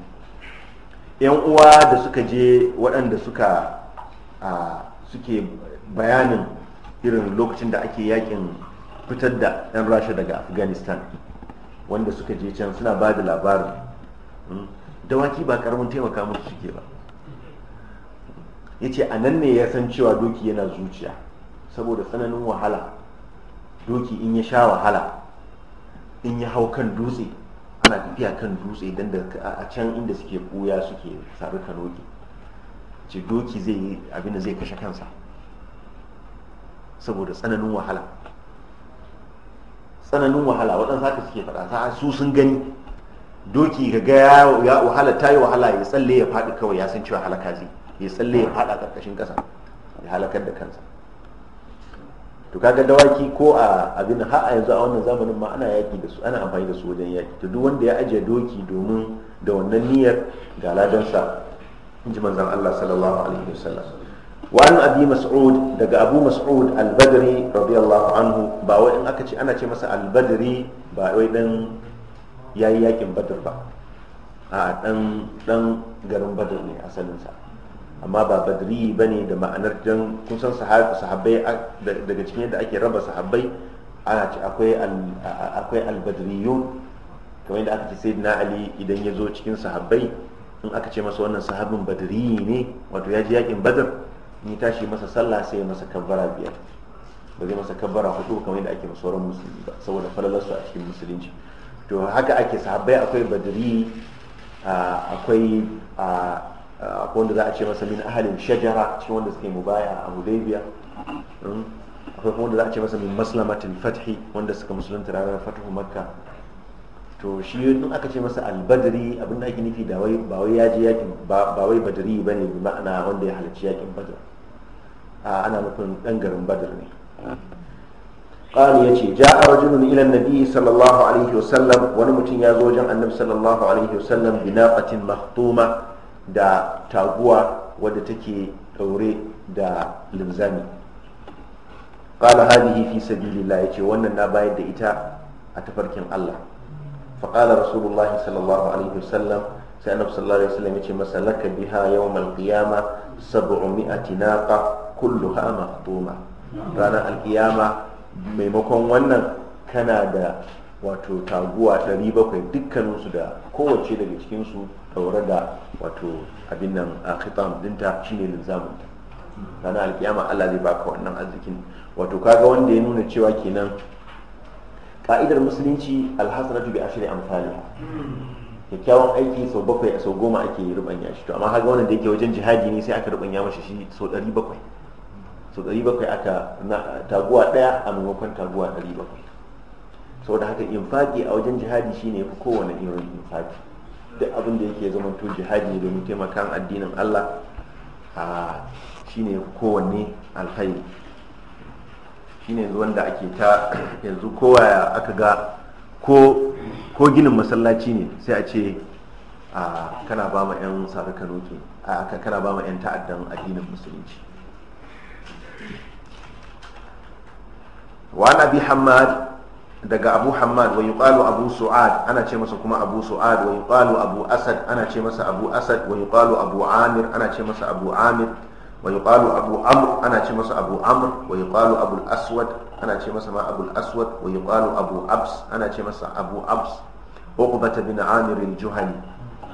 yan uwa da suka je waɗanda suka suke bayanin irin lokacin da ake yakin fitar da 'yan rasha daga afghanistan wanda suka je can suna ba da labarin hmm? dawaki ba karamin taimaka musu suke ba ya ce a nan ne ya san cewa doki yana zuciya saboda tsananin wahala doki in ya sha wahala in ya hau kan dutse ana tafiya kan dutse don da a can inda suke ɓuya suke sadu kanoki ce doki zai yi abinda zai kashe kansa saboda tsananin wahala tsananin wahala waɗansu haka suke faɗa su sun gani doki ga gaya ya wahala ta yi wahala ya tsalle ya faɗi kawai ya san cewa halaka zai ya tsalle ya faɗa ƙarƙashin ƙasa ya halakar da kansa to kaga dawaki ko a abin har a yanzu a wannan zamanin ma ana yaki da su ana amfani da su wajen yaki to duk wanda ya ajiye doki domin da wannan niyyar ga ladansa inji manzon Allah sallallahu alaihi wasallam wa an abi mas'ud daga abu mas'ud al-badri radiyallahu anhu ba wai in aka ce ana ce masa al-badri ba wai dan yayi yakin badr ba a dan dan garin badr ne asalin sa amma ba badri ba ne da ma'anar jan kusan sahabbai daga cikin yadda ake raba sahabbai ana ce akwai albadriyun kamar yadda aka ce sai na ali idan ya zo cikin sahabbai in aka ce masa wannan sahabin badri ne wato ya ji yakin badar ni tashi masa sallah sai ya masa kabbara biyar ba zai masa kabbara hudu kamar yadda ake sauran musulmi ba saboda falalarsu a cikin musulunci to haka ake sahabbai akwai badri akwai akwai wanda za a ce masa min ahalin shajara cikin wanda suke yi mubaya a hudaybiya hmm? akwai kuma wanda za a ce masa min maslamatin fathi wanda suka musulunta ranar Fatuhu makka to shi in aka ce masa albadri da ake nufi da wai ba wai yaji yakin ba wai badri ba bi ma'ana wanda ya halarci yakin badr ana nufin dan garin badr ne قال يجي جاء رجل إلى النبي صلى الله عليه وسلم ونمت يا زوجا النبي صلى الله عليه وسلم بناقة مخطومة da taguwa wadda take daure da linzami qala hadhihi fi sabilillah yace wannan na bayar da ita a tafarkin Allah fa qala rasulullah sallallahu alaihi wasallam sai annabi sallallahu alaihi wasallam yace masa laka biha yawm alqiyama 700 naqa kulluha mahtuma ranar alƙiyama maimakon wannan kana da wato taguwa 700 dukkaninsu da kowace daga cikinsu daura da wato abin nan a khitam dinta shine linzamunta Rana alkiyama Allah zai baka wannan arzikin wato kaga wanda ya nuna cewa kenan ka'idar musulunci alhasanatu bi ashri amfani. kyakkyawan aiki sau bakwai sau goma ake rubanya shi to amma kaga wannan da yake wajen jihadi ne sai aka rubanya mashi shi sau ɗari bakwai. sau bakwai aka taguwa ɗaya a maimakon taguwa ɗari bakwai. saboda haka infaki a wajen jihadi shine fi kowane irin infaki duk abin da yake zama to jihadi ne domin taimakon addinin Allah a shine fi kowanne alkhairi shine yanzu wanda ake ta yanzu kowa aka ga ko ko ginin masallaci ne sai a ce a kana ba ma 'yan sarakan ke a kana ba ma 'yan ta'addan addinin musulunci وعن ابي حماد daga abu hamad wa yuqalu abu su'ad ana ce masa kuma abu su'ad wa yuqalu abu asad ana ce masa abu asad wa yuqalu abu amir ana ce masa abu amir wa yuqalu abu amr ana ce masa abu amr wa yuqalu abu aswad ana ce masa ma abu aswad wa yuqalu abu abs ana ce masa abu abs uqbata bin amir al-juhani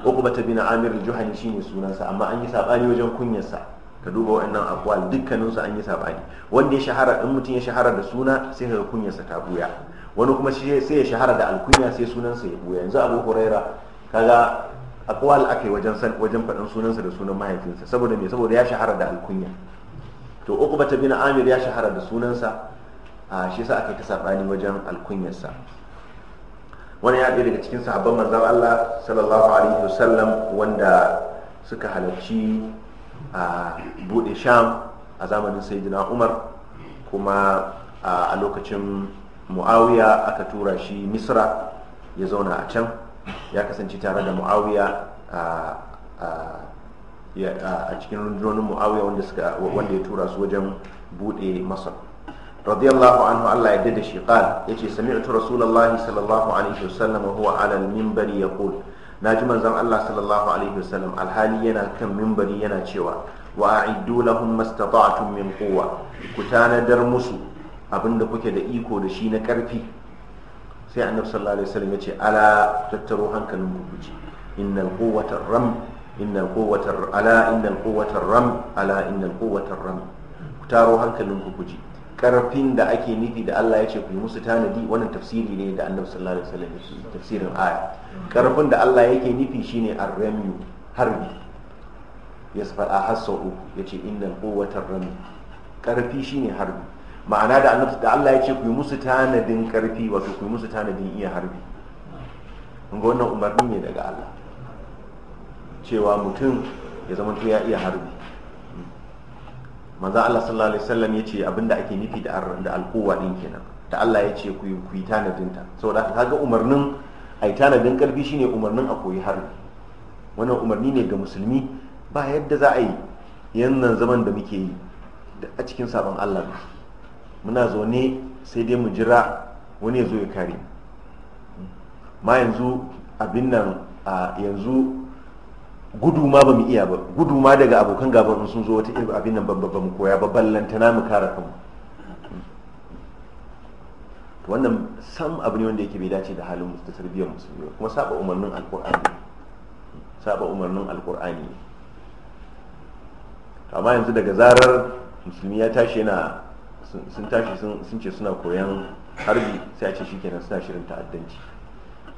uqbata bin amir al-juhani shine sunansa amma an yi sabani wajen kunyarsa ka duba wa'annan akwal dukkaninsu an yi sabani wanda ya shahara in mutum ya shahara da suna sai ka kunyarsa ta buya wani kuma shi sai ya shahara da alkunya sai sunansa ya buya yanzu abu huraira kaga akwal ake wajen san wajen faɗin sunansa da sunan mahaifinsa saboda me saboda ya shahara da alkunya to uku bata bin amir ya shahara da sunansa a shi sa aka ta sabani wajen alkunyarsa wani ya ɗaya daga cikin sahabban manzon Allah sallallahu alaihi wasallam wanda suka halarci a bude sham a zamanin sayyidina Umar kuma a lokacin muawiya aka tura shi misra ya zauna a can ya kasance tare da muawiya a cikin rundunonin muawiya wanda ya tura su wajen bude masar radiyallahu anhu Allah ya da shi qal yace sami'tu rasulullahi sallallahu alaihi wasallam huwa ala al yaqul naji manzon Allah sallallahu alaihi wasallam alhali yana kan minbari yana cewa wa a'iddu lahum mastata'tum min quwwa ku tanadar musu abin da kuke da iko da shi na karfi sai annabi sallallahu alaihi wasallam ya ce ala tattaro hankalin ku ji innal quwwata ram innal quwwata ala innal quwwata ram ala innal quwwata ram ku taro hankalin ku ji karfin da ake nufi da Allah ya ce ku yi musu tanadi wannan tafsiri ne da annabi sallallahu alaihi wasallam tafsirin aya karfin da Allah yake nufi shine ar-ramyu harbi ya faɗa har uku ya ce innal quwwatar rami karfi shine harbi ma'ana da annabi da Allah ya ce ku yi musu tanadin karfi wato ku yi musu tanadin iya harbi ga wannan umarni ne daga Allah cewa mutum ya zama ya iya harbi manzo Allah sallallahu alaihi wasallam yace abinda ake nufi da da din kenan da Allah ya ce ku yi ku yi tanadin ta saboda kaga umarnin ai tanadin karfi shine umarnin a koyi harbi wannan umarni ne ga musulmi ba yadda za a yi yannan zaman da muke yi a cikin sabon Allah muna zaune sai dai mu jira wani ya zo ya kare ma yanzu abin nan a yanzu gudu ma ba mu iya ba gudu ma daga abokan gaban in sun zo wata irin abin nan babba mu koya ba ballantana mu kare kanmu wannan sam abu ne wanda yake bai dace da halin musu da tarbiyyar musulmi kuma saba umarnin alkur'ani saba umarnin alkur'ani amma yanzu daga zarar musulmi ya tashi yana sun tashi sun ce suna koyan harbi sai a ce shi kenan suna shirin ta'addanci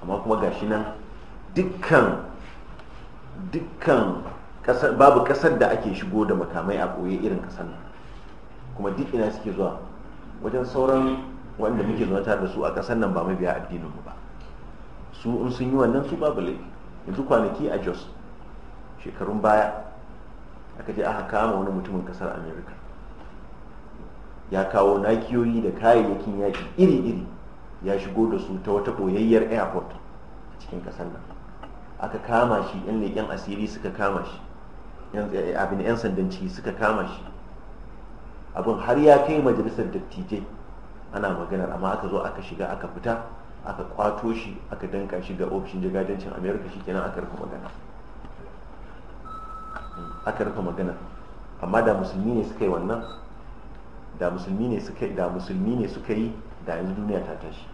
amma kuma gashi nan dukkan dukkan babu kasar da ake shigo da makamai a koye irin kasar nan kuma duk ina suke zuwa wajen sauran wanda muke zuwa tare da su a kasar nan ba mu biya addinin mu ba su in sun yi wannan su babu laifi yanzu kwanaki a jos shekarun baya aka je aka kama wani mutumin kasar america ya kawo nakiyoyi da kayayyakin yaki iri-iri ya shigo da su ta wata boyayyar airport a cikin ƙasar nan aka kama shi yan leƙen asiri suka kama shi eh, abin yan sandanci suka kama shi abin har ya kai majalisar dattijai ana maganar amma aka zo aka shiga aka fita aka kwato shi aka danka shi ga ofishin jagadancin america shi kenan aka rufe magana hmm, aka rufe magana amma da musulmi ne suka yi wannan da musulmi ne suka da musulmi ne suka yi da yanzu duniya ta tashi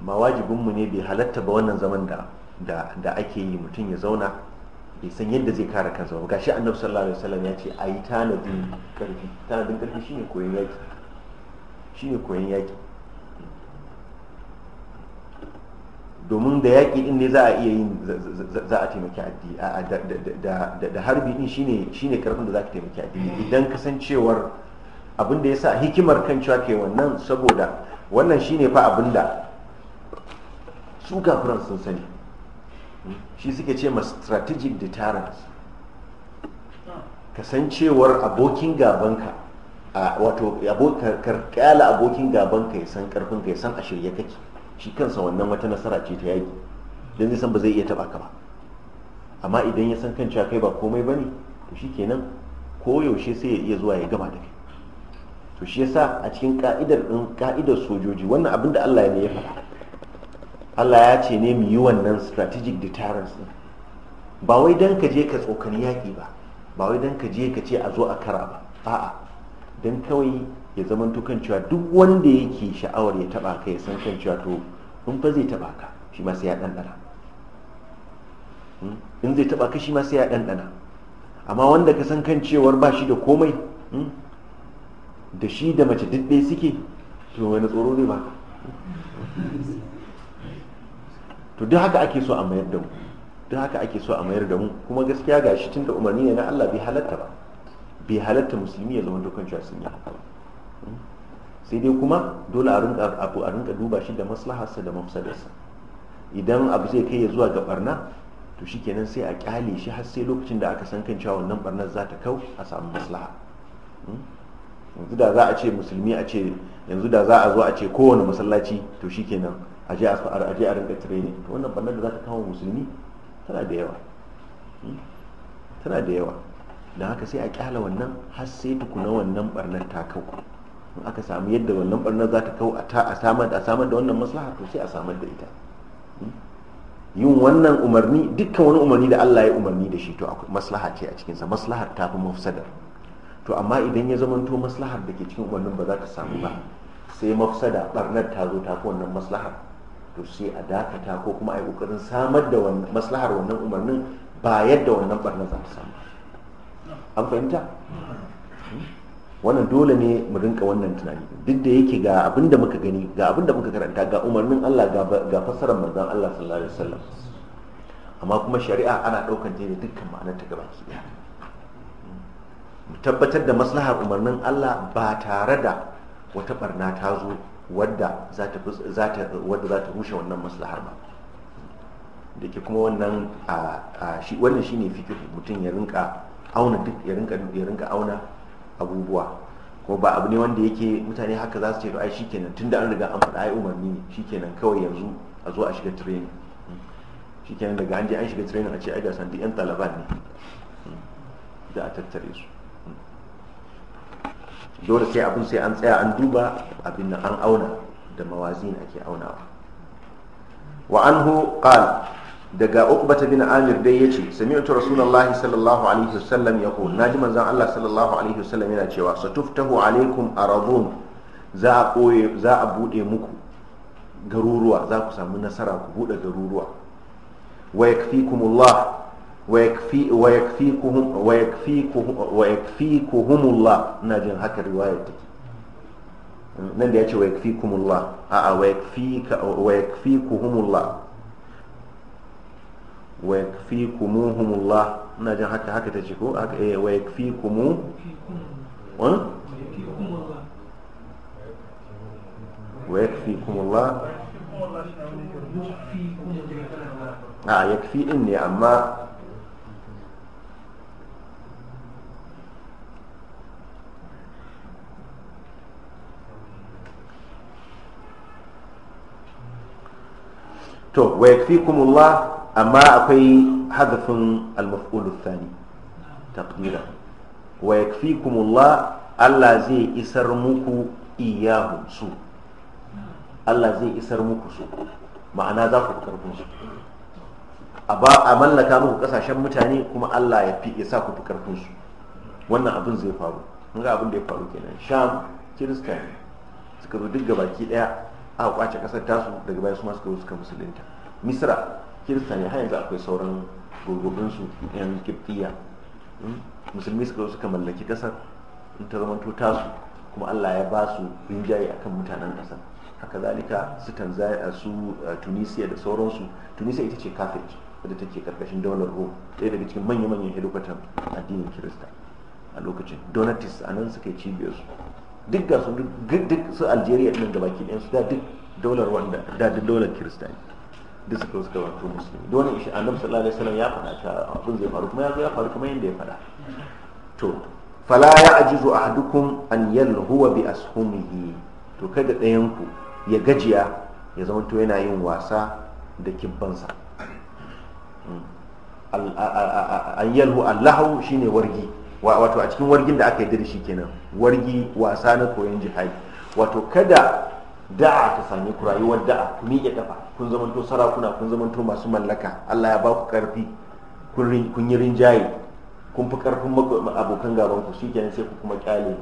ma wajibinmu ne bai halatta ba wannan zaman da da ake yi mutum ya zauna bai san yadda zai kare kansa ba gashi annabi sallallahu alaihi wasallam ya ce a yi tanadin karfi tanadin karfi shine koyon yaki shine koyon yaki domin da yaƙi din ne za a iya yin za a taimaki addini da harbi din shine shine karfin da za ka taimaki addini idan kasancewar abin da ya sa hikimar kan cewa ke wannan saboda wannan shine fa abin da su kafiran sun sani shi suke ce ma strategic deterrence kasancewar abokin gabanka wato ka abokin gabanka ya san karfin ka ya san a shirye kake shi kansa wannan wata nasara ce ta yaki, don zai san ba zai iya taɓa ka ba amma idan ya san kan kai ba komai ba ne to shi kenan koyaushe sai ya iya zuwa ya gama da kai to shi yasa a cikin ka'idar ɗin ka'idar sojoji wannan abin da Allah ne ya faɗa Allah ya ce ne mu yi wannan strategic deterrence din ba wai dan ka je ka tsokani yaki ba ba wai dan ka je ka ce a zo a kara ba a'a dan kawai ya zama kan cewa duk wanda yake sha'awar ya taba ka ya san kan cewa to in fa zai taba ka shi ma sai ya dandana hmm? in zai taba ka shi ma sai ya dandana amma wanda ka san kan cewar ba shi da komai hmm? da shi da mace duk ɗaya suke to wani tsoro zai baka to duk haka ake so a mayar da mu duk haka ake so a mayar da mu kuma gaskiya gashi tunda umarni ne na Allah bai halatta ba bai halatta musulmi ya zama dukkan cewa sun yi haka ba sai dai kuma dole a rinka abu a rinka duba shi da maslaharsa da mafsadarsa idan abu zai kai ya zuwa ga barna to shikenan sai a kyale shi har sai lokacin da aka san kan cewa wannan barnar za ta kau a samu maslaha hmm? yanzu da za a ce musulmi a ce yanzu da za a zo a ce kowane masallaci to shikenan a je a rinka ne to wannan barnar da za ta kawo musulmi tana da yawa hmm? tana da yawa don haka sai a kyala wannan har sai tukuna wannan barnar ta kau in aka samu yadda wannan barnar za ta kau a samar da wannan maslaha to sai a samar da ita hmm? yin wannan umarni dukkan wani umarni da Allah ya umarni da shi to maslaha ce a cikinsa maslahar ta fi mafsadar to amma idan ya zama to maslahar da ke cikin umarnin ba za ta samu ba sai mafsada barnar ta zo ta fi wannan maslahar to sai a dakata ko kuma a yi kokarin samar da maslahar wannan umarnin ba yadda wannan barnar za ta samu an fahimta hmm? wannan dole ne mu rinka wannan tunani duk da yake ga abin da muka gani ga abin da muka karanta ga umarnin Allah ga fassarar manzon Allah sallallahu alaihi wasallam amma kuma shari'a ana daukar ta da dukkan ma'anar ta gaba ki mu tabbatar da maslahar umarnin Allah ba tare da wata barna ta zo wadda za ta wadda za ta rushe wannan maslahar ba da ke kuma wannan a shi wannan shine fikihu mutum ya rinka auna duk ya rinka ya rinka auna abubuwa ko ba abu ne wanda yake mutane haka za su ce to ai shikenan tunda an riga an faɗa ai umarni ne shikenan kawai yanzu a zo a shiga training shikenan daga an je an shiga training a ce ai gasan duk yan taliban ne da a tattare su dole sai abin sai an tsaya an duba abin nan an auna da mawazin ake aunawa wa anhu qala daga ukbata bin amir dai yace sami'tu rasulullahi sallallahu alaihi wasallam yaqul naji manzon Allah sallallahu alaihi wasallam yana cewa satuftahu alaikum aradun za a koye za a bude muku garuruwa za ku samu nasara ku bude garuruwa wa yakfikumullah wa yakfi wa yakfikuhum wa yakfikuhum wa yakfikuhumullah jin haka riwayar take nan da yace wa yakfikumullah a'a wa yakfika wa yakfikuhumullah ويكفيكموهم الله نجي حتى حكي تشكو إيه، ويكفيكم أه؟ أه؟ ويكفيكم الله ويكفيكم الله آه، يكفي اني اما to wa yakfikumullah amma akwai hadafin al-maf'ul thani taqdira wa yakfikumullah Allah zai isar muku iyahu su Allah zai isar muku su ma'ana za ku karfin su a mallaka muku kasashen mutane kuma Allah ya fi ya sa ku fi karfin su wannan abin zai faru mun ga abin da ya faru kenan sham kirista ne suka zo duk gabaki daya a kwace kasar tasu daga baya su masu suka musulunta misra kirista ne har yanzu akwai sauran su yan kiftiya hmm? musulmi suka suka mallaki kasar in ta zamanto tasu kuma allah ya ba su rinjaye akan mutanen kasar haka zalika su tanzania su tunisia da sauransu tunisia ita ce carthage wadda take karkashin daular rome ɗaya daga cikin manya-manyan hedikwatan addinin kirista a lokacin donatis a nan suka yi cibiyarsu duk su duk su algeria din da baki ɗin su da duk daular wanda da duk daular kiristani duk suka suka wato musulmi da wani ishin annabi sallallahu alaihi wasallam ya faɗa ta abin zai faru kuma ya zo ya faru kuma yanda ya faɗa to fala ya ajizu ahadukum an yalhuwa bi ashumihi to kada ɗayan ku ya gajiya ya zama to yana yin wasa da kibbansa hmm. an yalhu allahu shine wargi wato a cikin wargin da aka yi da kenan wargi wasa na koyon jihadi wato kada da'a ta sami ku rayuwar da'a ku miƙe kafa kun zamanto sarakuna kun zamanto masu mallaka Allah ya ba ku karfi kun yi rinjaye kun fi karfin abokan gaban ku shi kenan sai ku kuma kyale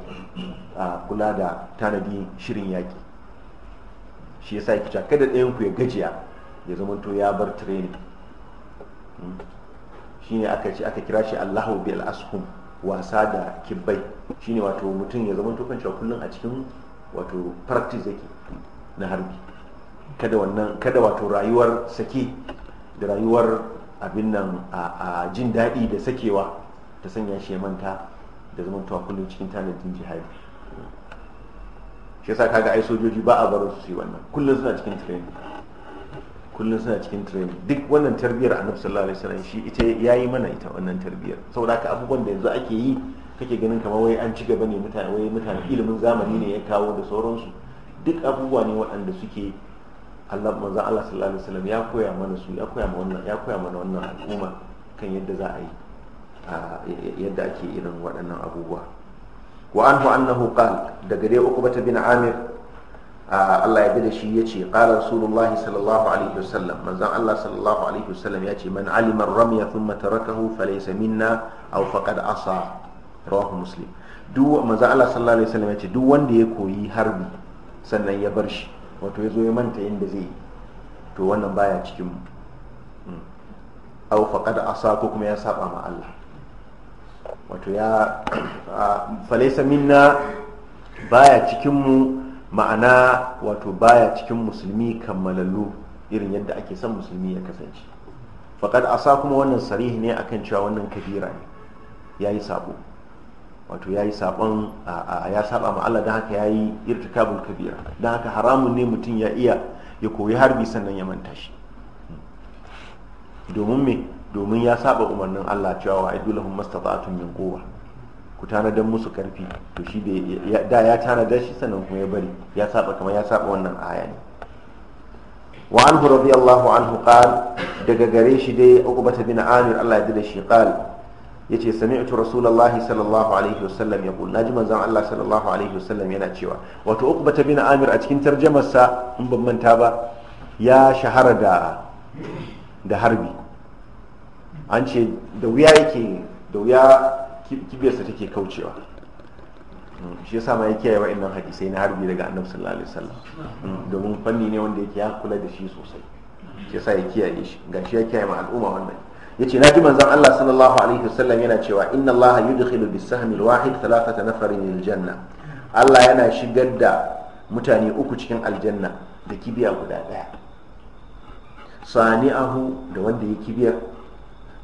a kula da tanadi shirin yaƙi shi yasa kica kada ɗayan ku ya gajiya ya zamanto ya bar training hmm? shine aka aka kira shi Allahu bil ashum wasa da kibbai shine wato mutum ya zama tukan a cikin wato practice yake na harbi kada wannan kada wato rayuwar sake da rayuwar abin nan a jin daɗi da sakewa ta sanya shi manta da zama tuwa kullum cikin tanadin jihadi shi yasa kaga ai sojoji ba a baro su yi wannan kullum suna cikin training kullum suna cikin training duk wannan tarbiyar annabi sallallahu alaihi wasallam shi ita yayi mana ita wannan tarbiyar saboda haka abubuwan da yanzu ake yi kake ganin kamar wai an ci gaba ne mutane wai mutane ilimin zamani ne ya kawo da sauransu duk abubuwa ne waɗanda suke Allah manzon Allah sallallahu alaihi wasallam ya koya mana su ya koya mana wannan ya koya mana wannan al'umma kan yadda za a yi yadda ake irin waɗannan abubuwa wa anhu annahu qala daga dai bata bin amir Allah ya ji da shi ya ce qala rasulullahi sallallahu alaihi wasallam manzan Allah sallallahu alaihi wasallam ya ce man alima ramya thumma tarakahu falaysa minna au faqad asa rawahu muslim duk Allah sallallahu alaihi wasallam ya ce duk wanda ya koyi harbi sannan ya bar shi wato ya zo ya manta yadda zai yi to wannan baya cikin mu au faqad asa ko kuma ya saba ma Allah wato ya falaysa minna baya cikin mu ma'ana wato baya cikin musulmi kammalallu irin yadda ake son musulmi ya kasance faƙad asa kuma wannan sarihi ne akan cewa wannan kabira ne ya yi sabo wato ya yi sabon ya saba ma'ala don haka ya yi irtikabul kabira don haka haramun ne mutum ya iya ya koyi harbi sannan ya manta shi domin me domin ya saba umarnin Allah cewa wa a mastata'atun min quwwah ku tanadar musu karfi to shi da ya tanadar shi sannan kuma ya bari ya saba kamar ya saba wannan aya ne wa anhu radiyallahu anhu qal daga gare shi dai uqbata bin amir Allah ya ji da shi qal yace sami'tu rasulullahi sallallahu alaihi wasallam yaqul naji manzon Allah sallallahu alaihi wasallam yana cewa wato uqbata bin amir a cikin tarjumar sa in ban manta ba ya shahara da da harbi an ce da wuya yake da wuya kibiyarsa take kaucewa mm, shi yasa ma ya kiyaye wa'annan hadisai na harbi daga annabi sallallahu alaihi wasallam mm, domin fanni ne wanda yake ya kula da shi sosai shi yasa ya kiyaye shi Ga shi ya kiyaye ma al'umma wannan yace na ji manzon Allah sallallahu alaihi wasallam yana cewa inna Allah yudkhilu bis-sahmi al-wahid thalathata nafarin lil janna Allah yana shigar da mutane uku cikin aljanna da kibiya guda daya sani'ahu da wanda ya kibiyar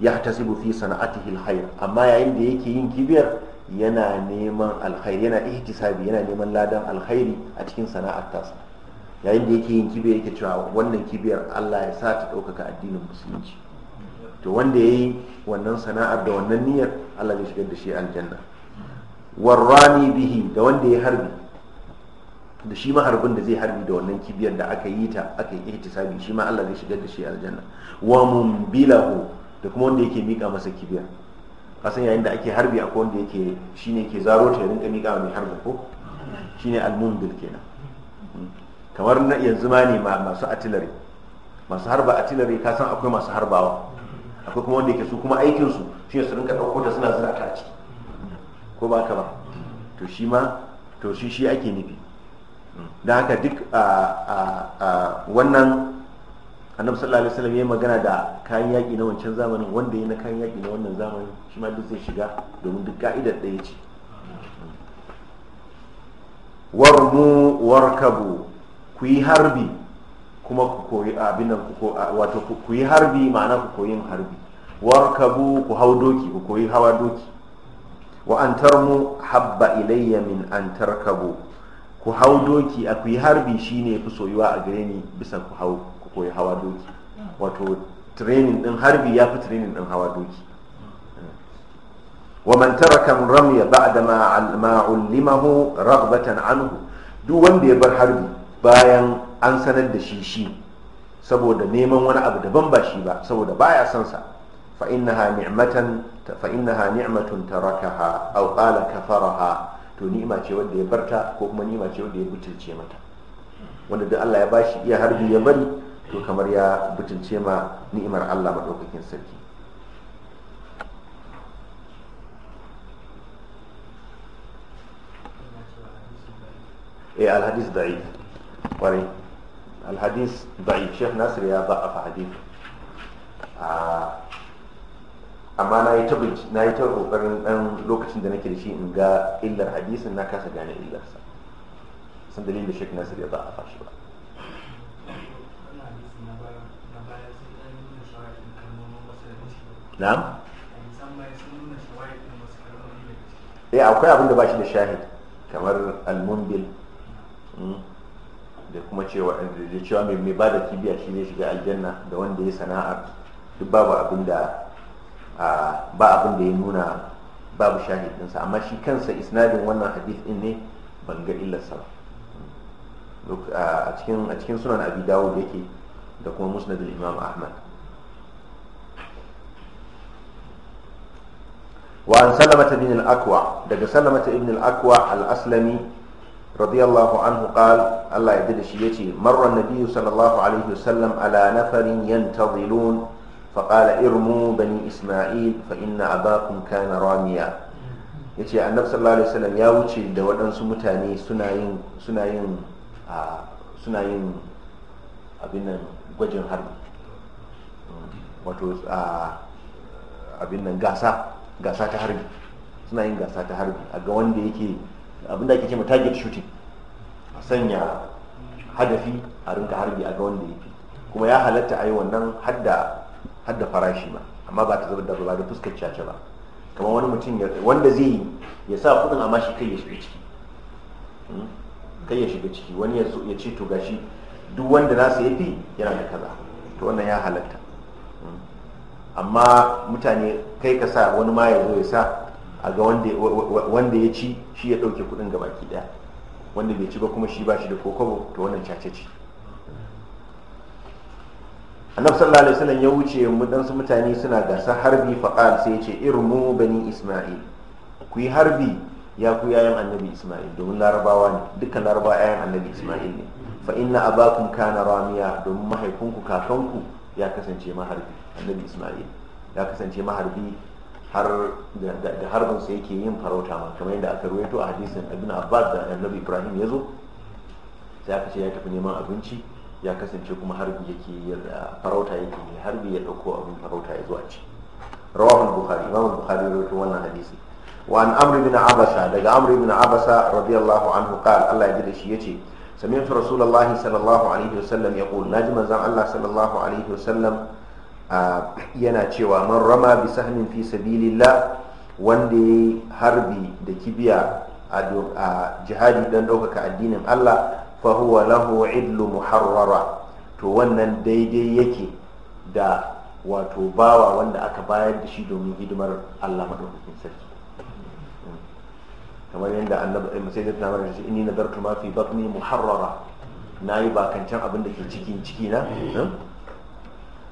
yahtasibu fi ta alkhair amma yayin da yake yin kibiyar yana neman alkhairi yana ihtisabi yana neman ladan alkhairi a cikin sana'ar tasa yayin da yake yin kibiyar yake cewa wannan kibiyar Allah ya sa ta ɗaukaka addinin musulunci to wanda yayi wannan sana'ar da wannan niyyar Allah zai shigar da shi aljanna warrani bihi da wanda ya harbi da shi ma harbin da zai harbi da wannan kibiyar da aka yi ta aka yi ihtisabi shi ma Allah zai shigar da shi aljanna wa mumbilahu da kuma wanda yake mika masa kibiya san yayin da ake harbi akwai wanda yake shine ke zaro ta ya rinka mika mai harbi ko shine almunbil kenan kamar na yanzu ma ne masu artillery masu harba artillery ka san akwai masu harbawa akwai kuma wanda yake su kuma aikin su shine su rinka dauko ta suna zira ta a ciki ko ba ka ba to shi ma to shi shi ake nufi don haka duk a wannan annabi sallallahu alaihi wasallam yayin magana da kayan yaki na wancan zamanin wanda yayin na kayan yaki na wannan zamanin shi ma duk zai shiga domin duk ka'idar da yace warmu warkabu ku yi harbi kuma ku koyi abin nan ko wato ku yi harbi ma'ana ku koyi harbi warkabu ku hau doki ku koyi hawa doki wa an tarmu habba ilayya min an tarkabu ku hau doki a ku yi harbi shine fi soyuwa a gare ni bisa ku hau koyi hawa doki wato training din harbi ya fi training din hawa doki wa man taraka ramya ba'da ma ullimahu raghbatan anhu duk wanda ya bar harbi bayan an sanar da shi shi saboda neman wani abu daban ba shi ba saboda baya son sa fa innaha ni'matan fa innaha ni'matun tarakaha aw qala kafaraha to ni'ima ce wanda ya barta ko kuma ni'ima ce wanda ya butulce mata wanda duk Allah ya bashi iya harbi ya bari to kamar ya bitince ma ni'imar Allah maɗaukakin sarki eh alhadis da'if kwarai alhadis da'if shek nasir ya ba a hadith ah, amma na yi ta na ɗan lokacin da nake da shi in ga illar hadisin na kasa gane illarsa Sun dalilin da shek nasir ya ba a fashi ba na'am eh akwai abin da ba shi da shahid kamar almumbil hmm, da kuma cewa da cewa mai ba da kibiya shi ne shiga aljanna da wanda ya sana'a duk babu abin da ba abin da ya nuna babu shahid dinsa amma shi kansa isnadin wannan hadith din ne ban ga illarsa ba a cikin sunan abi dawud yake da kuma musnadul imam ahmad وعن سلمة بن الأكوع دق سلمة بن الأكوع الأسلمي رضي الله عنه قال الله يدل شيئتي مر النبي صلى الله عليه وسلم على نفر ينتظلون فقال ارموا بني إسماعيل فإن أباكم كان راميا yace annabi sallallahu alaihi wasallam ya wuce da waɗansu mutane suna yin suna yin suna yin abin nan gwajin harbi wato abin nan gasa gasa ta harbi suna yin gasa ta harbi a ga wanda yake abinda ake cewa target shooting a sanya hadafi a rinka harbi a ga wanda yake kuma ya halatta a yi wannan hadda farashi ba amma ba ta zaba da ba da fuskar caca ba kamar wani mutum wanda zai yi ya sa kudin amma shi kai ya shiga ciki hmm? kai ya shiga ciki wani ya ce to gashi duk wanda nasa ya fi yana da kaza to wannan ya halatta amma mutane kai ka sa wani ma ya zo ya sa a ga wanda ya ci shi ya ɗauke kuɗin ga baki ɗaya wanda bai ci ba kuma shi ba shi da kokobo to wannan cace ce annabi sallallahu alaihi wasallam ya wuce mudansu mutane suna gasa harbi faqal sai ya ce irmu bani isma'il ku yi harbi ya ku yayan annabi isma'il domin larabawa ne dukkan larabawa yayan annabi isma'il ne fa inna abakum kana ramiya domin mahaifinku kakanku ya kasance maharbi annabi isma'il ya kasance maharbi har da harbin sa yake yin farauta ma kamar yadda aka ruwaito a hadisin abin abbas da annabi ibrahim ya zo sai aka ce ya tafi neman abinci ya kasance kuma harbi yake farauta yake harbi ya dauko abin farauta ya zuwa ci rawahu bukhari imam bukhari da wannan hadisi wa an amr ibn abasa daga amri ibn abasa radiyallahu anhu qala Allah ya ji da shi yace sami'tu rasulullahi sallallahu alaihi wasallam yaqul najma zan Allah sallallahu alaihi wasallam yana cewa man rama bi sahmin fi sabilillah wanda yayi harbi da kibiya a jihadi don ɗaukaka addinin Allah fahuwa lahu idlu muharrara to wannan daidai yake da wato bawa wanda aka bayar da shi domin hidimar Allah maɗaukakin sarki kamar yadda annabi eh, sai da tamar shi inni nadartu ma fi batni muharrara nayi bakancan abin da ke cikin ciki na hmm?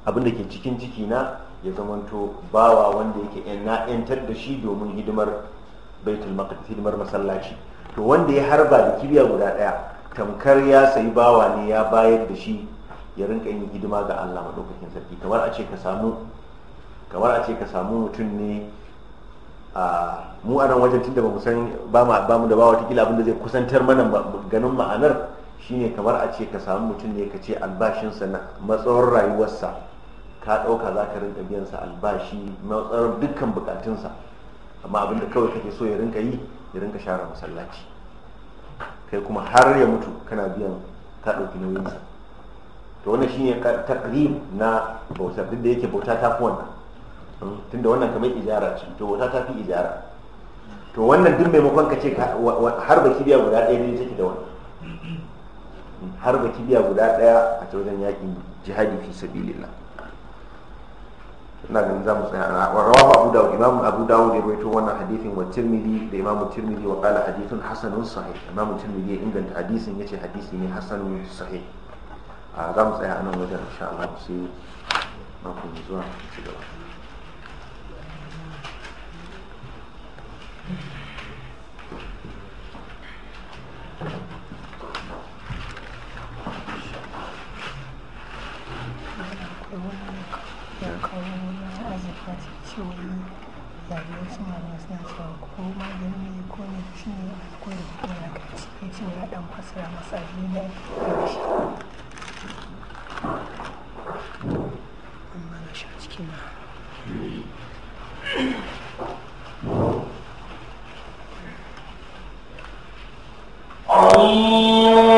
abin da ke cikin na ya zamanto bawa wanda yake na yantar da shi domin hidimar baitul maqdis hidimar masallaci to wanda ya harba da kibiya guda daya tamkar ya sayi bawa ne ya bayar da shi ya rinka yin hidima ga Allah madaukakin sarki kamar a ce ka samu kamar a ce ka samu mutum ne a mu a nan wajen tunda ba mu san ba mu da bawa watakila abin da zai kusantar mana ganin ma'anar shine kamar a ce ka samu mutum ne ka ce albashinsa na matsawar rayuwarsa ka ɗauka za ka rinka biyan sa albashi matsarar dukkan bukatunsa amma abin da kawai kake so ya rinka yi ya rinka share masallaci kai kuma har ya mutu kana biyan ka ɗauki nauyinsa to wannan shine takrim na bauta duk da yake bauta ta fi wannan hmm, tunda wannan kamar ijara ce to bauta ta fi ijara to wannan duk maimakon ka ce har baki biya guda ɗaya ne take da wannan hmm, har baki biya guda ɗaya a ta wajen yaƙin jihadi fi sabilillah ina ganin za mu tsaya ana wa rawahu abu dawud imamu abu dawud ya rawaito wannan hadisin wa tirmidhi da imamu tirmidhi wa qala hadithun hasanun sahih imamu tirmidhi ya inganta hadisin yace hadisi ne hasanun sahih a za mu tsaya anan wajen insha Allah sai mako mai zuwa ci gaba Thank you. radiation resistance ko magani ne ko ne shi ne ko da mutum ya kai ciki shi fasara masa da ake kai shi amma na sha ciki na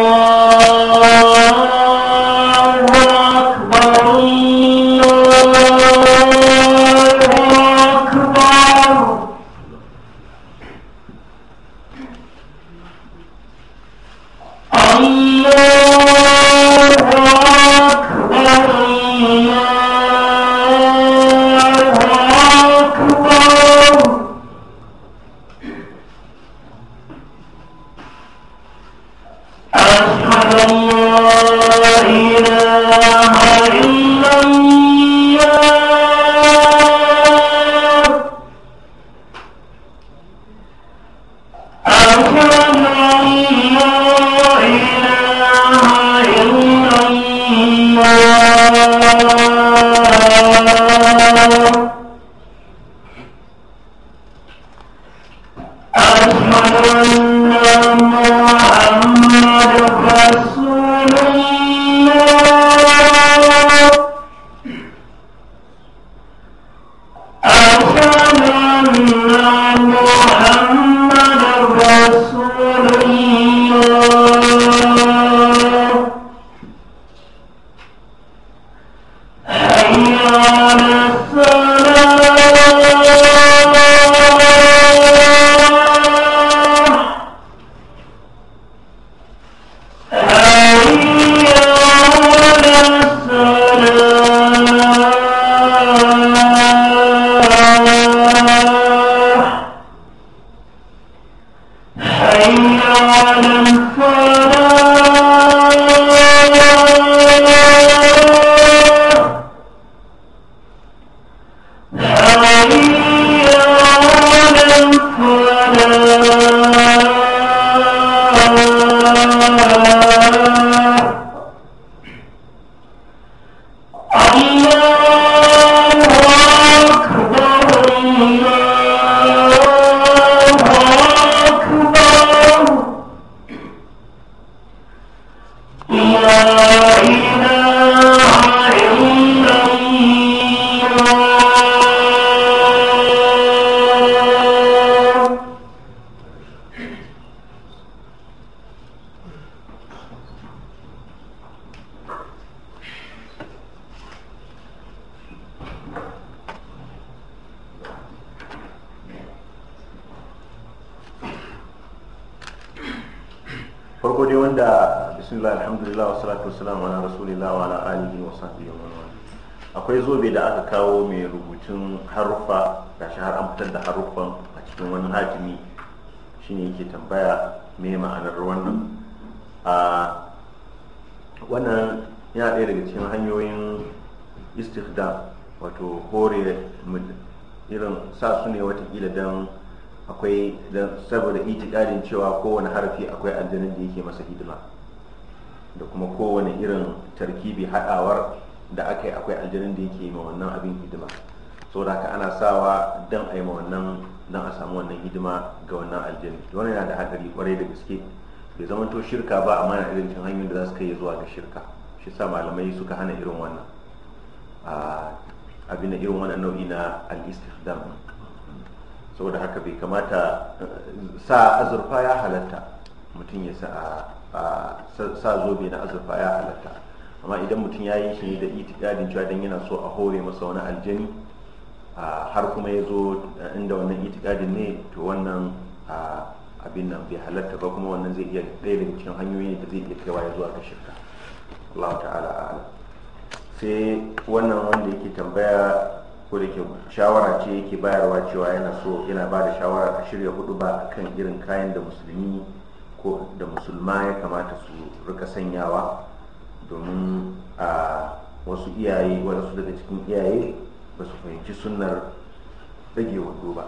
aljanin da yake masa hidima da kuma kowane irin tarkibi haɗawar da aka yi akwai aljanin da yake ma wannan abin hidima so da haka ana sawa don a yi ma wannan don a samu wannan hidima ga wannan aljani wannan yana da haɗari kwarai da gaske bai zama to shirka ba amma na irin cin hanyoyin da za su kai zuwa ga shirka shi sa malamai suka hana irin wannan abin da irin wannan nau'i na al-istifdam saboda haka bai kamata eh, sa azurfa ya halatta mutum ya sa zobe na azurfa ya halatta amma idan mutum ya yi shi ne da itikadin cewa don yana so a hore masa wani aljani har kuma ya zo inda wannan itikadin ne to wannan abin nan bai halatta ba kuma wannan zai iya ɗaya daga cikin hanyoyin da zai iya kaiwa ya zuwa ga shirka Allah ta'ala a'ala sai wannan wanda yake tambaya ko da ke shawara ce yake bayarwa cewa yana so yana ba da shawara a shirya hudu ba kan irin kayan da musulmi ko da musulma ya kamata su rika sanyawa domin a wasu iyaye wasu daga cikin iyaye ba su fahimci sunnar rage wando ba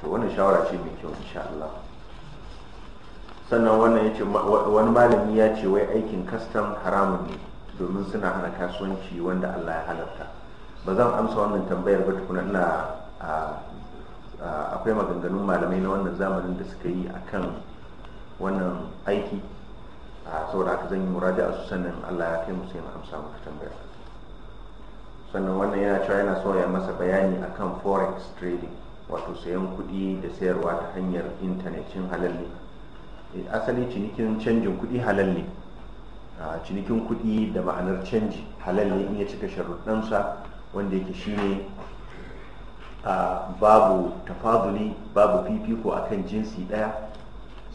to wannan shawara ce mai kyau insha Allah sannan wannan yace wani malami ya ce wai aikin kastam haramun ne domin suna hana kasuwanci wanda Allah ya halarta ba zan amsa wannan tambayar ba tukuna ina akwai maganganun malamai na wannan zamanin da suka yi akan wannan aiki a saboda aka zan yi muraja a sannan allah ya kai mu sai mu amsa muku tambaya sannan wannan yana cewa yana so ya masa bayani akan forex trading wato sayan kuɗi da sayarwa ta hanyar intanet cin halal ne eh, asali cinikin canjin kuɗi halal ne cinikin kuɗi da ma'anar canji halal ne in ya cika sharuɗansa wanda yake shine babu tafaduli babu fifiko akan jinsi ɗaya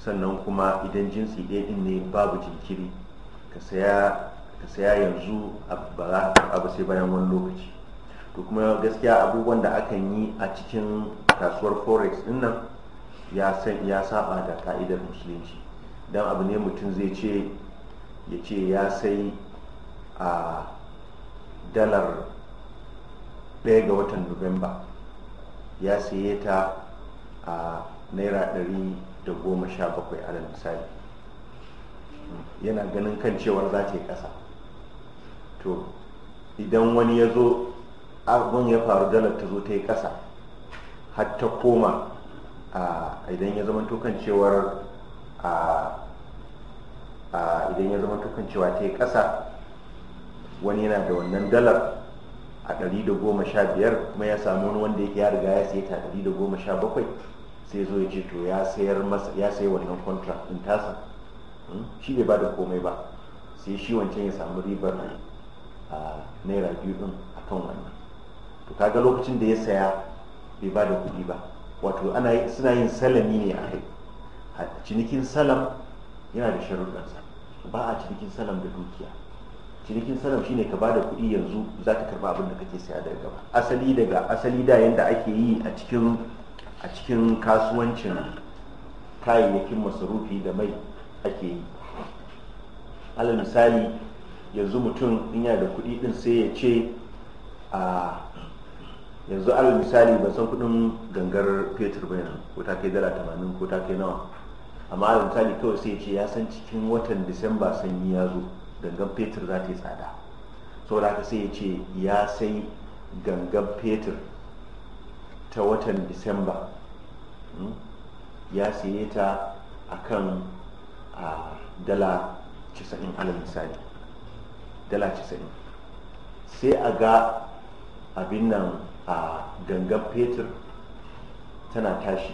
sannan kuma idan jinsi ɗaya ɗin ne babu jinkiri ka saya yanzu abu sai bayan wani lokaci to kuma gaskiya abubuwan da akan yi a cikin kasuwar forex ɗin nan ya saba da ka'idar musulunci don abu ne mutum zai ce ya ce ya sai a dalar ɗaya ga watan nuwamba ya saye ta a naira ɗari da goma sha bakwai alal misali yana ganin kan cewar za ta yi ƙasa to idan wani ya zo abin ya faru dalar ta zo ta yi ƙasa har ta koma idan ya zama tukan cewar idan ya zama tukan cewa ta yi ƙasa wani yana da wannan dalar a sha biyar. kuma ya samu wani wanda ya riga ya sai ta 117 sai zo ce to ya sayar masa ya sayi wannan kontra din tasa hmm? shi bai bada komai ba sai shi wancan ya samu ribar a naira biyu din a kan wannan to kaga lokacin da ya saya bai bada kuɗi ba wato ana suna yin salami ne a kai cinikin salam yana da sharuɗansa ba a cinikin salam da dukiya cinikin salam shine ka bada kuɗi yanzu za ka karba abin da kake saya daga gaba asali daga asali da yanda ake yi a cikin a cikin kasuwancin kayayyakin masarufi da mai ake yi ala misali yanzu mutum in yana da kuɗi din sai ya ce a yanzu ala misali ban san kuɗin gangar fetur ba yana ko ta kai dala tamanin ko ta kai nawa amma ala misali kawai sai ya ce ya san cikin watan disamba sanyi ya zo gangan fetur za ta yi tsada saboda haka sai ya ce ya sai gangan fetur ta watan disamba hmm, ya siye ta a kan dala 90 alal misali dala 90 sai a ga abin nan a gangan fetur tana tashi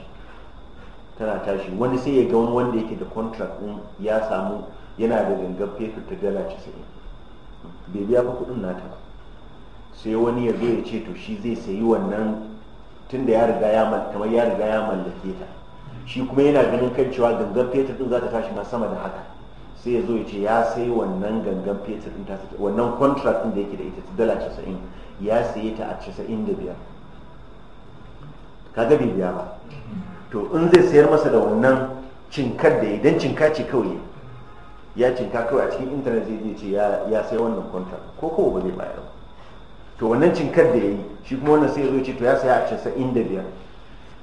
tana tashi wani sai ya ga wani wanda yake da contract din ya samu yana da gangan fetur ta dala 90 bai biya ba kudin nata ba sai wani ya zo ya ce to shi zai sayi wannan tunda ya riga ya mallake kamar ya riga ya mallake ta shi kuma yana ganin kan cewa gangan fetur din za ta tashi ma sama da haka sai ya zo ya ce ya sai wannan gangan fetur din wannan contract din da yake da ita ta dala 90 ya saye ta a 95 kaga bai biya ba to in zai sayar masa da wannan cinkar da idan cinka ce kawai ya cinka kawai a cikin intanet zai ce ya sai wannan contract ko kowa ba zai bayar ba to wannan cinkar da ya yi shi kuma wannan sai ya zo ce to ya saya a casa'in da biyar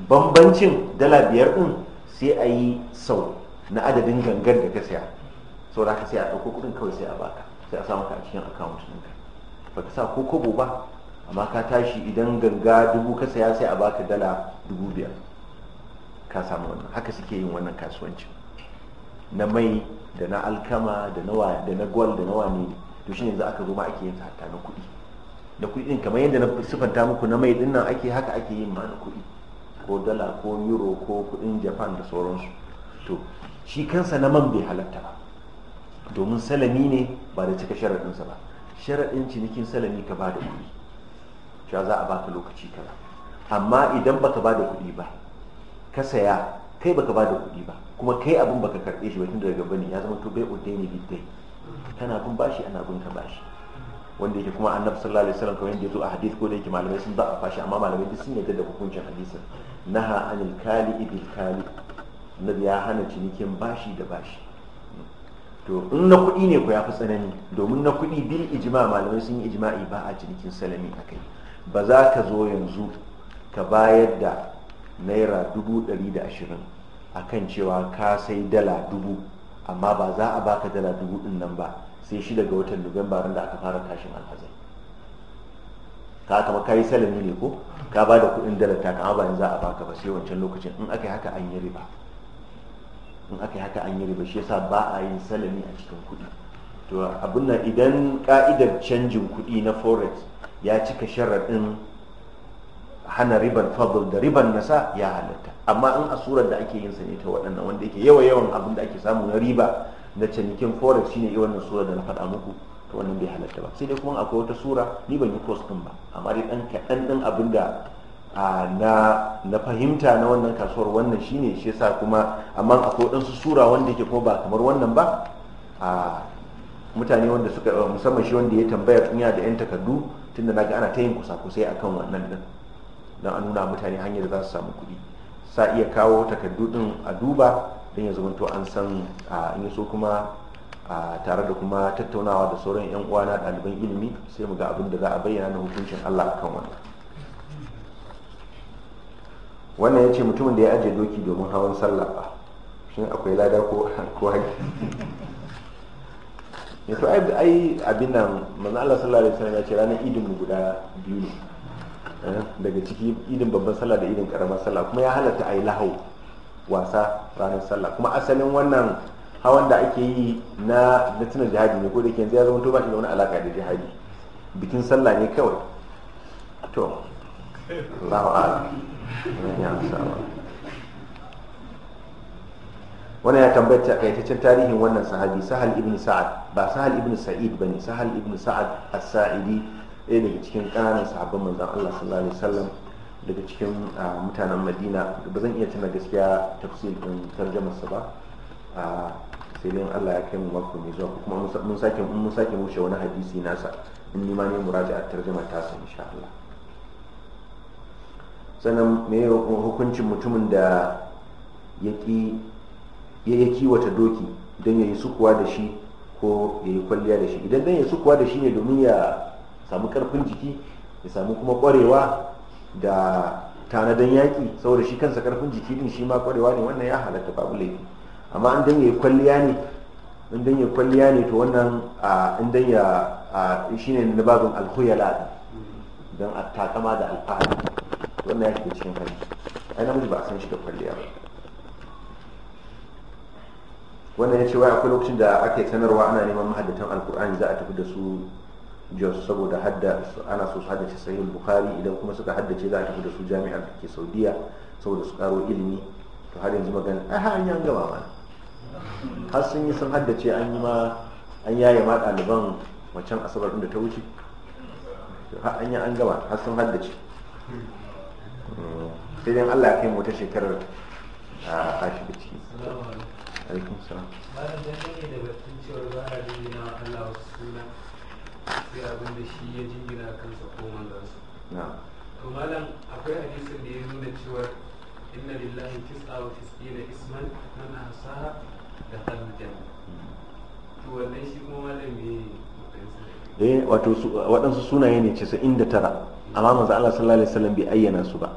bambancin dala biyar din sai a yi sau na adadin gangar da ka saya sau da haka sai a ɗauko kuɗin kawai sai a baka sai a samu ka a cikin akawunt ɗinka ba ka sa ko kobo ba amma ka tashi idan ganga dubu ka saya sai a baka dala dubu biyar ka samu wannan haka suke yin wannan kasuwancin na mai da na alkama da na gwal da na wane to shi ne za aka zo ma ake yin hatta na kuɗi da kuɗi kuɗin kamar yadda na siffanta muku na mai nan ake haka ake yin mana kuɗi ko dala ko euro ko kuɗin japan da sauransu to shi kansa na man bai halatta ba domin salami ne ba da cika sharaɗinsa ba sharaɗin cinikin salami ka ba da kuɗi cewa za a baka lokaci kaza amma idan baka ba da kuɗi ba ka saya kai baka ba da kuɗi ba kuma kai abin baka karɓe shi ba tun daga bane ya zama to bai udaini biddai kana bin bashi ana bin ka bashi wanda yake kuma annabi sallallahu alaihi wasallam kamar yadda yazo a hadith ko da yake malamai sun ba fashi amma malamai duk sun yarda da hukuncin hadisin naha anil kali bil kali annabi ya hana cinikin bashi da bashi to in na kuɗi ne ku ya fi tsanani domin na kuɗi bil ijma malamai sun yi ijma'i ba a cinikin salami akai ba za ka zo yanzu ka bayar da naira dubu ɗari da ashirin akan cewa ka sai dala dubu amma ba za a baka dala dubu ɗin nan ba sai shi daga watan nuwamba ran da aka fara tashin alhazai ka kama kayi salami ne ko ka ba da kuɗin dalar ta kama bayan za a baka ba sai wancan lokacin in aka yi haka an yi riba in aka yi haka an yi riba shi yasa ba a yin salami a cikin kuɗi to abin nan idan ka'idar canjin kuɗi na forex ya cika sharaɗin hana riban fadl da riban nasa ya halatta amma in a da ake yin sa ne ta waɗannan wanda yake yawa yawan abin da ake samu na riba na cinikin forex shine yi wannan sura da na faɗa muku to wannan bai halatta ba sai dai kuma akwai wata sura ni ban yi kos din ba amma dai dan kaɗan din abin na na fahimta na wannan kasuwar wannan shine shi yasa kuma amma akwai wadansu sura wanda yake kuma ba kamar wannan ba a mutane wanda suka musamman shi wanda ya tambaya ya da yan takardu tunda naga ana ta yin kusa-kusai akan wannan din don a nuna mutane hanyar da za su samu kuɗi sa iya kawo takardu din a duba don ya to an san a in so kuma a tare da kuma tattaunawa da sauran 'yan uwa na ɗaliban ilimi sai mu ga abin da za a bayyana na hukuncin Allah akan wannan wannan ya ce mutumin da ya aje doki domin hawan sallah ba shi akwai lada ko haki (laughs) ya to ai abin nan manzo Allah sallallahu alaihi wasallam ya ce ranar idin mu guda biyu eh, daga ciki idin babban sallah da idin karamar sallah kuma ya halatta ai lahau wasa ranar sallah kuma asalin wannan hawan da ake yi na na jihadi ne ko da ke yanzu ya zama to ba shi da wani alaka da jihadi bikin sallah ne kawai to Allahu a'lam ya saba wannan ya kaitaccen tarihin wannan sahabi sahal ibn sa'ad ba sahal ibn sa'id bane sahal ibn sa'ad as-sa'idi ɗaya daga cikin ƙananan sahabban manzon Allah sallallahu alaihi wasallam daga cikin ah, mutanen madina ba zan iya tuna gaskiya tafsir din tarjamarsa ba ah, sai dai Allah ya kai mu mako mai zuwa kuma mun sake mun sake wuce wani hadisi nasa in ni ma ne muraja a tarjamar ta sa insha Allah sannan me hukuncin mutumin da ya ya wata doki idan ya yi sukuwa da shi ko ya kwalliya da shi idan dan ya sukuwa da shi ne domin ya samu karfin jiki ya samu kuma kwarewa da tanadan yaƙi saboda shi kansa karfin jiki din shi ma kwarewa ne wannan ya halatta babu laifi amma an danya kwalliya ne in dan kwalliya ne to wannan in dan ya shine na babin alkhuyala dan takama da alfahari wannan ya shiga cikin hali ai namiji ba a san shi da kwalliya ba wannan ya ce wai akwai lokacin da ake sanarwa ana neman mahaddatan alkur'ani za a tafi da su jos saboda hadda ana so su haddace sahihul bukhari idan kuma suka haddace za a tafi da su jami'ar da ke saudiya saboda su karo ilimi to har yanzu magana a ha an yi an har sun yi sun haddace an yi ma an yaye ma ɗaliban wancan asabar da ta wuce har an yi an gaba har sun haddace sai dai Allah ya kai mu ta shekarar a kashi da ciki alaikum salam ba da dangane da batun cewar ba a na Allah wasu suna sai abin da shi ya jingina kansa ko manzansa to malam akwai hadisin da ya nuna cewa inna lillahi tis'a wa tis'ina isman man ahsaha da janna to wannan shi kuma malam me eh wato waɗansu sunaye ne 99 amma manzo Allah sallallahu alaihi wasallam bai ayyana su ba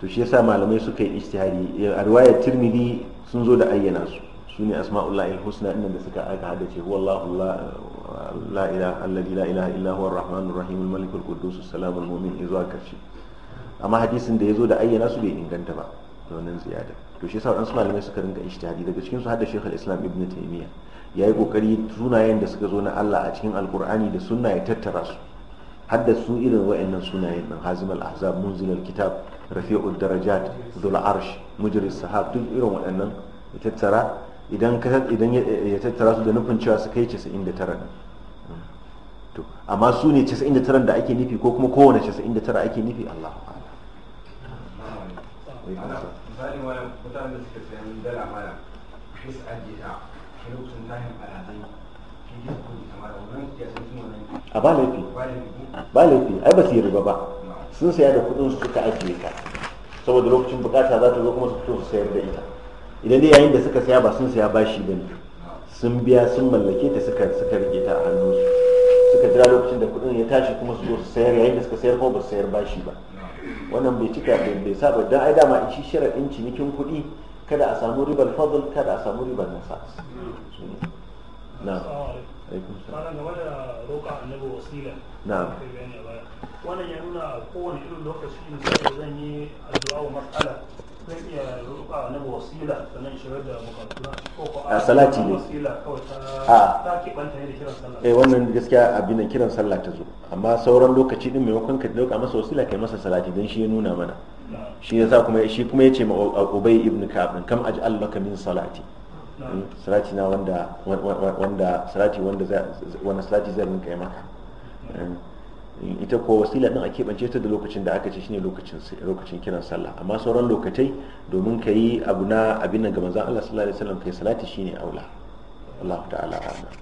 to shi yasa malamai suka yi ijtihadi eh, a riwayar tirmidhi sun zo da ayyana su su ne asma'ullahi husna inda suka aka hada ce wallahu la ilaha alladhi la illa huwa arrahmanur rahim al-malik al-quddus as-salam al-mu'min izuwa karshe amma hadisin da ya zo da ayyana su bai inganta ba da wannan ziyada to shi yasa wadansu malamai suka rinka ijtihadi daga cikin su har da Sheikh al-Islam Ibn Taymiyyah yayi kokari sunayen da suka zo na Allah a cikin al da sunna ya tattara su har da su irin wayannan sunayen nan Hazim al-Ahzab Munzil kitab Rafi'ud Darajat Dhul Arsh Mujri sahab duk irin waɗannan ya tattara idan idan ya tattara su da nufin cewa su kai 99 to amma su ne 99 da ake nufi ko kuma kowane 99 ake nufi Allahu a'lam misali wannan mutanen da suke sayan dala mala su ajiye ta shi lokacin tahin alazai a ba laifi ba laifi ai ba su yi riba ba sun saya da kudin su suka ajiye ka saboda lokacin bukata za ta zo kuma su fito su sayar da ita idan dai yayin da suka saya ba sun saya bashi ba ne sun biya sun mallake ta suka suka rike ta a hannunsu suka jira lokacin da kudin ya tashi kuma su zo su sayar yayin da suka sayar kuma ba su sayar bashi ba wannan bai cika bai saba don ai dama shi sharaɗin cinikin kudi kada a samu ribar fadl kada a samu ribar nasa na alaikum salam game da roƙa annabi wasila na wannan ya nuna kowane irin lokaci da zan yi addu'a wa mas'ala a salati ne a eh, wannan gaskiya abin da kiran sallah ta zo amma sauran lokaci din maimakon ka dauka masa wasila kai masa salati dan shi ya nuna mana shi yasa kuma shi kuma yace ma Ubay ibn Ka'ab kam aj'al laka min salati hmm, salati na wanda wanda salati wanda wanda salati zai rinka yi maka ita ko wasila din a keɓance ta da lokacin da aka ce shine lokacin lokacin kiran sallah amma sauran lokacai domin ka yi abu na abin da ga manzon Allah sallallahu alaihi wasallam kai salati shine aula Allah ta'ala amin.